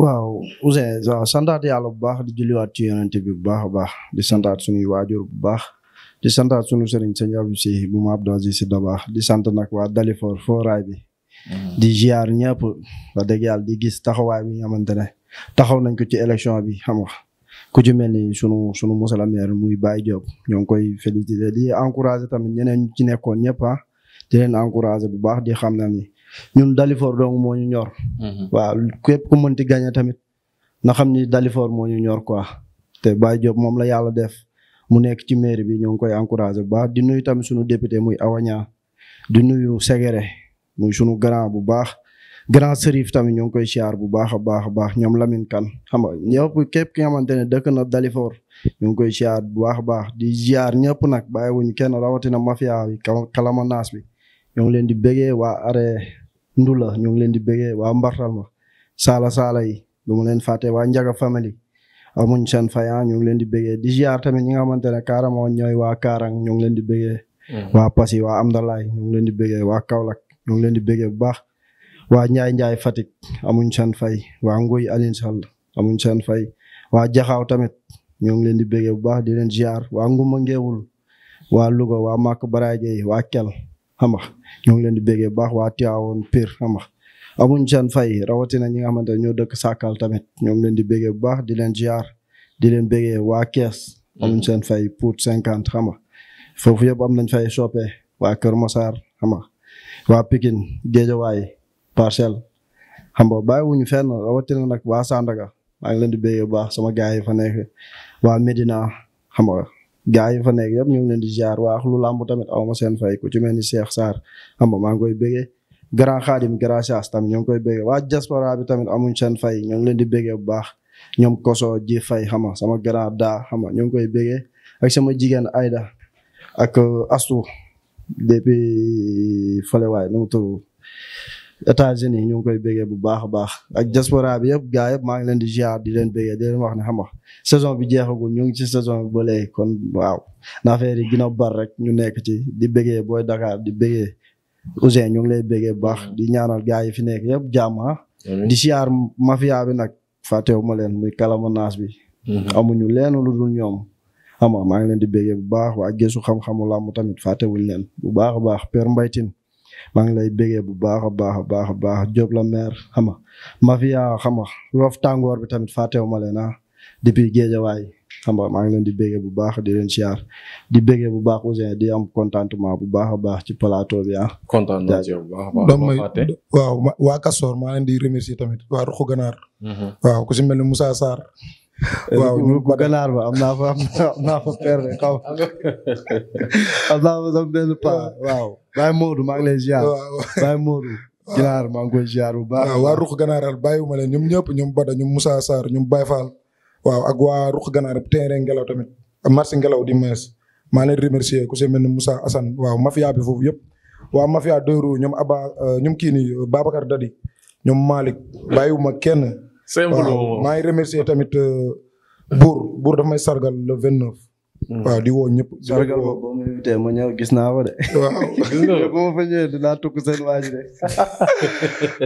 waaw Ousseyn waaw santaat yàlla bu baax di julliwaat ci yonent bi bu baax a baax di santaat suñuy waajur bu baax di santaat suñu sëriñ sëñ Abdou Si bu ma Abdou Aziz Si Dabaax di sant nag waa Dalifor fooraay bi mhm. di ziar ñëpp wax dëgg yàlla di gis taxawaay bi nga xamante ne taxaw nañ ko ci élection bi xam nga ku ci mel ni sunu sunu mosala maire muy Baye Diop ñoo ngi koy féliciter di encourager tamit ñeneen ñu ci nekkoon ñëpp ah di leen encourager bu baax di xam na ni ñun dalifoor dong moo ñu ñor. Mm-hmm. waaw képp ku mënti gagner tamit na xam ni Dalifort moo ñu ñor quoi te Baye Diop moom la a def mu nekk ci maire bi ñoo ngi koy encourager bu baax di nuyu tamit sunu député muy Awaña di nuyu Ségéré muy sunu grand bu baax. grand Serif tamit ñu ngi koy siyaar bu baax a baax a baax ñoom Lamine kan xam nga ñëpp képp ki nga xamante ne dëkk na dalifoor ñu ngi koy siyaar bu baax a baax di siyaar ñëpp nag bàyyiwuñu kenn rawatina mafia bi kalamanaas bi ñu ngi leen di bëggee waa aree Ndula ñu ngi leen di bëggee waa Mbartal ma saala saala yi du ma leen fàtte waa Njaga family amuñ seen fayan ah, ñu ngi leen di bëggee di siyaar tamit ñi nga xamante ne wa ñooy waa Kaarang ñu ngi leen di bëggee mm. waa Passy waa Amdalaay ñu ngi leen di bëggee waa Kaolack ñu ngi leen di bëggee bu baax waa Njaay Njaay Fatick amuñ seen fay waa Ngoy Alioune sal amuñ seen fay waa Jaxaaw tamit ñoo ngi leen di béggee bu baax di leen ziar waa Ngumba Ngeewul waa Louga waa Màkk Baraay waa Kel xam nga ñoo ngi leen di béggee baax waa Tiawoon Pire xam nga amuñ seen fay rawatina ñi nga xamante ne ñoo dëkk Sakal tamit ñoo ngi leen di béggee bu baax di leen ziar di leen béggee waa Kees amuñ seen fay pour cinquante xam nga foofu yëpp am nañ fay soppe waa Kër Massar xam nga waa Pikine parcelle xam nga bàyyiwuñu fenn rawatina nag waa Sandaga maa ngi leen di béyee bu baax sama gaay yi fa nekk waa Medina xam nga gaay yi fa nekk yëpp ñu ngi leen di ziar waa lu làmb tamit aw ma seen fay ku ci mel ni Cheikh xam nga maa ngi koy béyee. grand xaadim grand Chass ñoo ngi koy béyee waa diaspora bi tamit amuñ seen fay ñoo ngi leen di béyee bu baax ñoom koso ji fay xam nga sama grand daa xam nga ñoo ngi koy béyee ak sama jigéen Aida ak astu depuis fële waay États-Unis ñu ngi koy béggee bu baax a baax ak diaspora bi yëpp gaa yëpp maa ngi leen di ziar di leen béggee di wax ne xam nga saison bi jeexagul ñu ngi ci saison bi ba kon waaw na affaire yi gina bar rek ñu nekk ci di béggee booy dakaar di béggee Ouzin ñu ngi lay béggee bu baax di ñaanal gaa yi fi nekk yëpp jàmm ah. di ziar mafia bi nag fàttewu ma leen muy kalamanaas bi mhm. amuñu leen lu dul ñoom xam nga maa ngi leen di béggee bu baax waa gëstu xam-xamu làmb tamit fàttewuñ leen bu baax a baax Père maa ngi lay bégee bu baax a baax a baax a baax Diop la maire xam nga mafia xam nga roof tàngoor bi tamit fàttewu ma leen ah depuis géejawaay xam nga maa ngi leen di bégee bu baax di leen siyaar di bégee bu baax Ouzin di am contentement bu baax a baax ci plateau bi ah. kontaan naa ci yow bu a baax waaw waa Kastoor maa leen di remercier tamit waa Ruxu Ganaar. Mhm. waaw ku si mel ni Moussa Sarr. waaw bu ganaar ba am naa fa am naa fa père de xaw [LAUGHS] am naa fa sama benn paa waaw Baye Modou maa ngi lay ziar Baye Modou ginaar maa ngi koy ziar waa ruq ganaaral bàyyiwuma leen ñoom ñëpp ñoom Bada ñoom Moussa Sarr ñoom Baye Fall waaw ak waa ruq ganaar terrain ngelaw tamit marché ngelaw di mees maa leen remercier ku see mel ni Moussa waaw mafia bi foofu yëpp waa mafia Dóoru ñoom Aba euh, ñoom kii nii Babacar Dadi ñoom Malick kenn symbole waaw maa ngi remercier tamit euh, buur buur daf may sargal le vingt neuf. Hmm. waaw di woo ñëpp. sargal boobu boo ma invité ñëw gis naa ko de. [LAUGHS]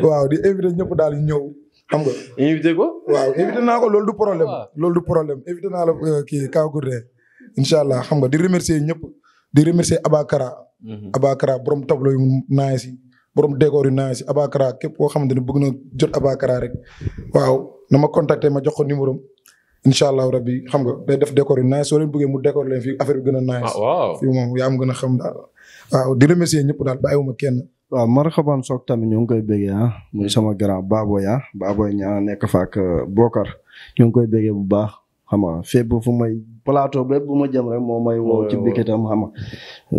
[LAUGHS] waaw di invité ñëpp daal di ñëw. xam nga invité ko. waaw invité naa ko loolu du problème. Ah. loolu du problème invité naa la euh, kii Kaw Gourdin. incha allah xam nga di remercier ñëpp. di remercier Abakara. Hmm. Abakara borom tableau borom décor yu naa si Abakara képp koo xamante ne bëgg na jot Abakara rek waaw na ma contacter ma jox ko numéro incha allah rabbi xam nga day def décor bëggee mu décor leen fii affaire bi gën a nice ah, waaw moom yaam am gën a xam daal waaw di remercier ñëpp daal ay bàyyiwuma kenn waaw marxaban soog tamit ñu ngi koy béggee ah muy sama grand Baboya Baboya ñaa nekk faak ak euh, Bokar ñu ngi koy béggee bu baax xam nga fépp fu may plateau bépp bu ma jëm rek moo may woo ci bikitam xam nga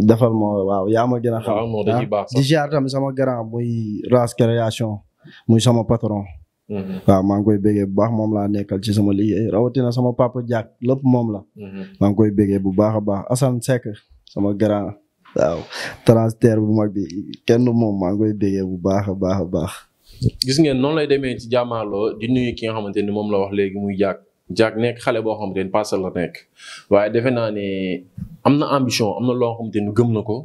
defal ma waaw yaa ma gën a xam ah, di ziar sama grand muy race création muy sama patron mm-hmm. waaw maa ngi koy béggee bu baax moom laa nekkal ci sama liggéey rawatina sama papa Diak moom la mm-hmm. maa ngi koy béggee bu baax a baax Assane Seck sama grand waaw bu mag bi kenn moom maa ngi koy béggee bu baax a baax a baax gis ngeen noonu lay demee ci jàmmaarloo di nuyu ki nga xamante ni moom la wax léegi muy Diak Jack nekk xale boo xamante ni parcelle la nekk waaye defe naa ne am na ambition am na loo xamante ni gëm na ko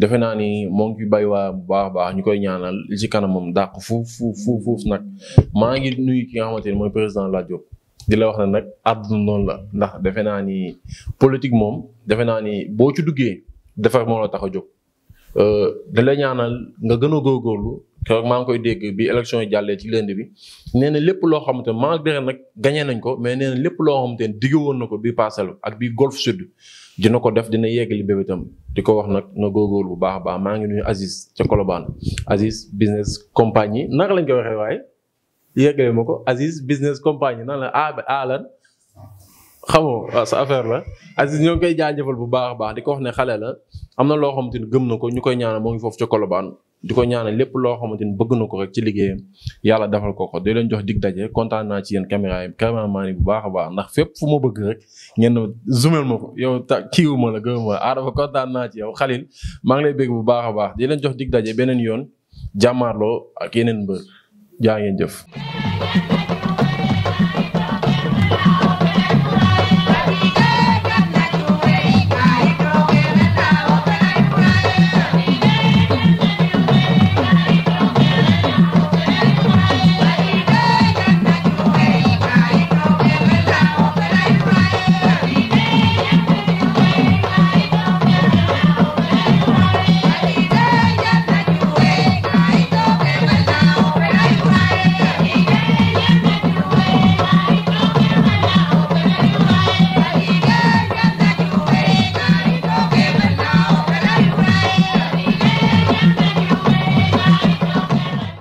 defe naa ni moo ngi bay waa bu baax baax ñu koy ñaanal li ci kanamam dàq fuuf fuuf fuuf fuuf nag maa ngi nuyu ki nga xamante mooy président Lat Diop di la wax ne nag àdduna noonu la ndax defe naa ni politique moom defe naa ni boo ci duggee defar moo la tax a jóg euh, da la ñaanal nga gën a góorgóorlu keroog maa ngi koy dégg bi élection yi jàllee ci lënd bi nee na lépp loo xamante ne malgré nag gagné nañ ko mais nee na lépp loo xamante ne digg woon na ko bi Parcelles ak bii Golf Sud dina ko def dina yeggali bébétam di ko wax nag na góorgóorlu bu baax a baax maa ngi nuyu Aziz ca Colobane Aziz business compagnie naka lañ ko waxee waaye yeggali ma ko Aziz business compagnie nan la a a lan xamoo waaw sa affaire la Aziz ñoo ngi koy jaajëfal bu baax a baax di ko wax ne xale la am na loo xamante ni gëm na ko ñu koy ñaanal moo ngi foofu ca Colobane di ko ñaana lépp loo xamante ni bëgg na ko rek ci liggéeyam yàlla defal ko ko di leen jox dig daje kontaan ci yéen caméra yi cameraman yi bu baax a baax ndax fu ma bëgg rek ngeen yow ta kiiwu ma la gërëm ma ah dafa naa ci yow Khalil maa ngi lay bégg bu baax a baax di leen jox dig daje beneen yoon jàmmaarloo ak yeneen mbër jaa ngeen jëf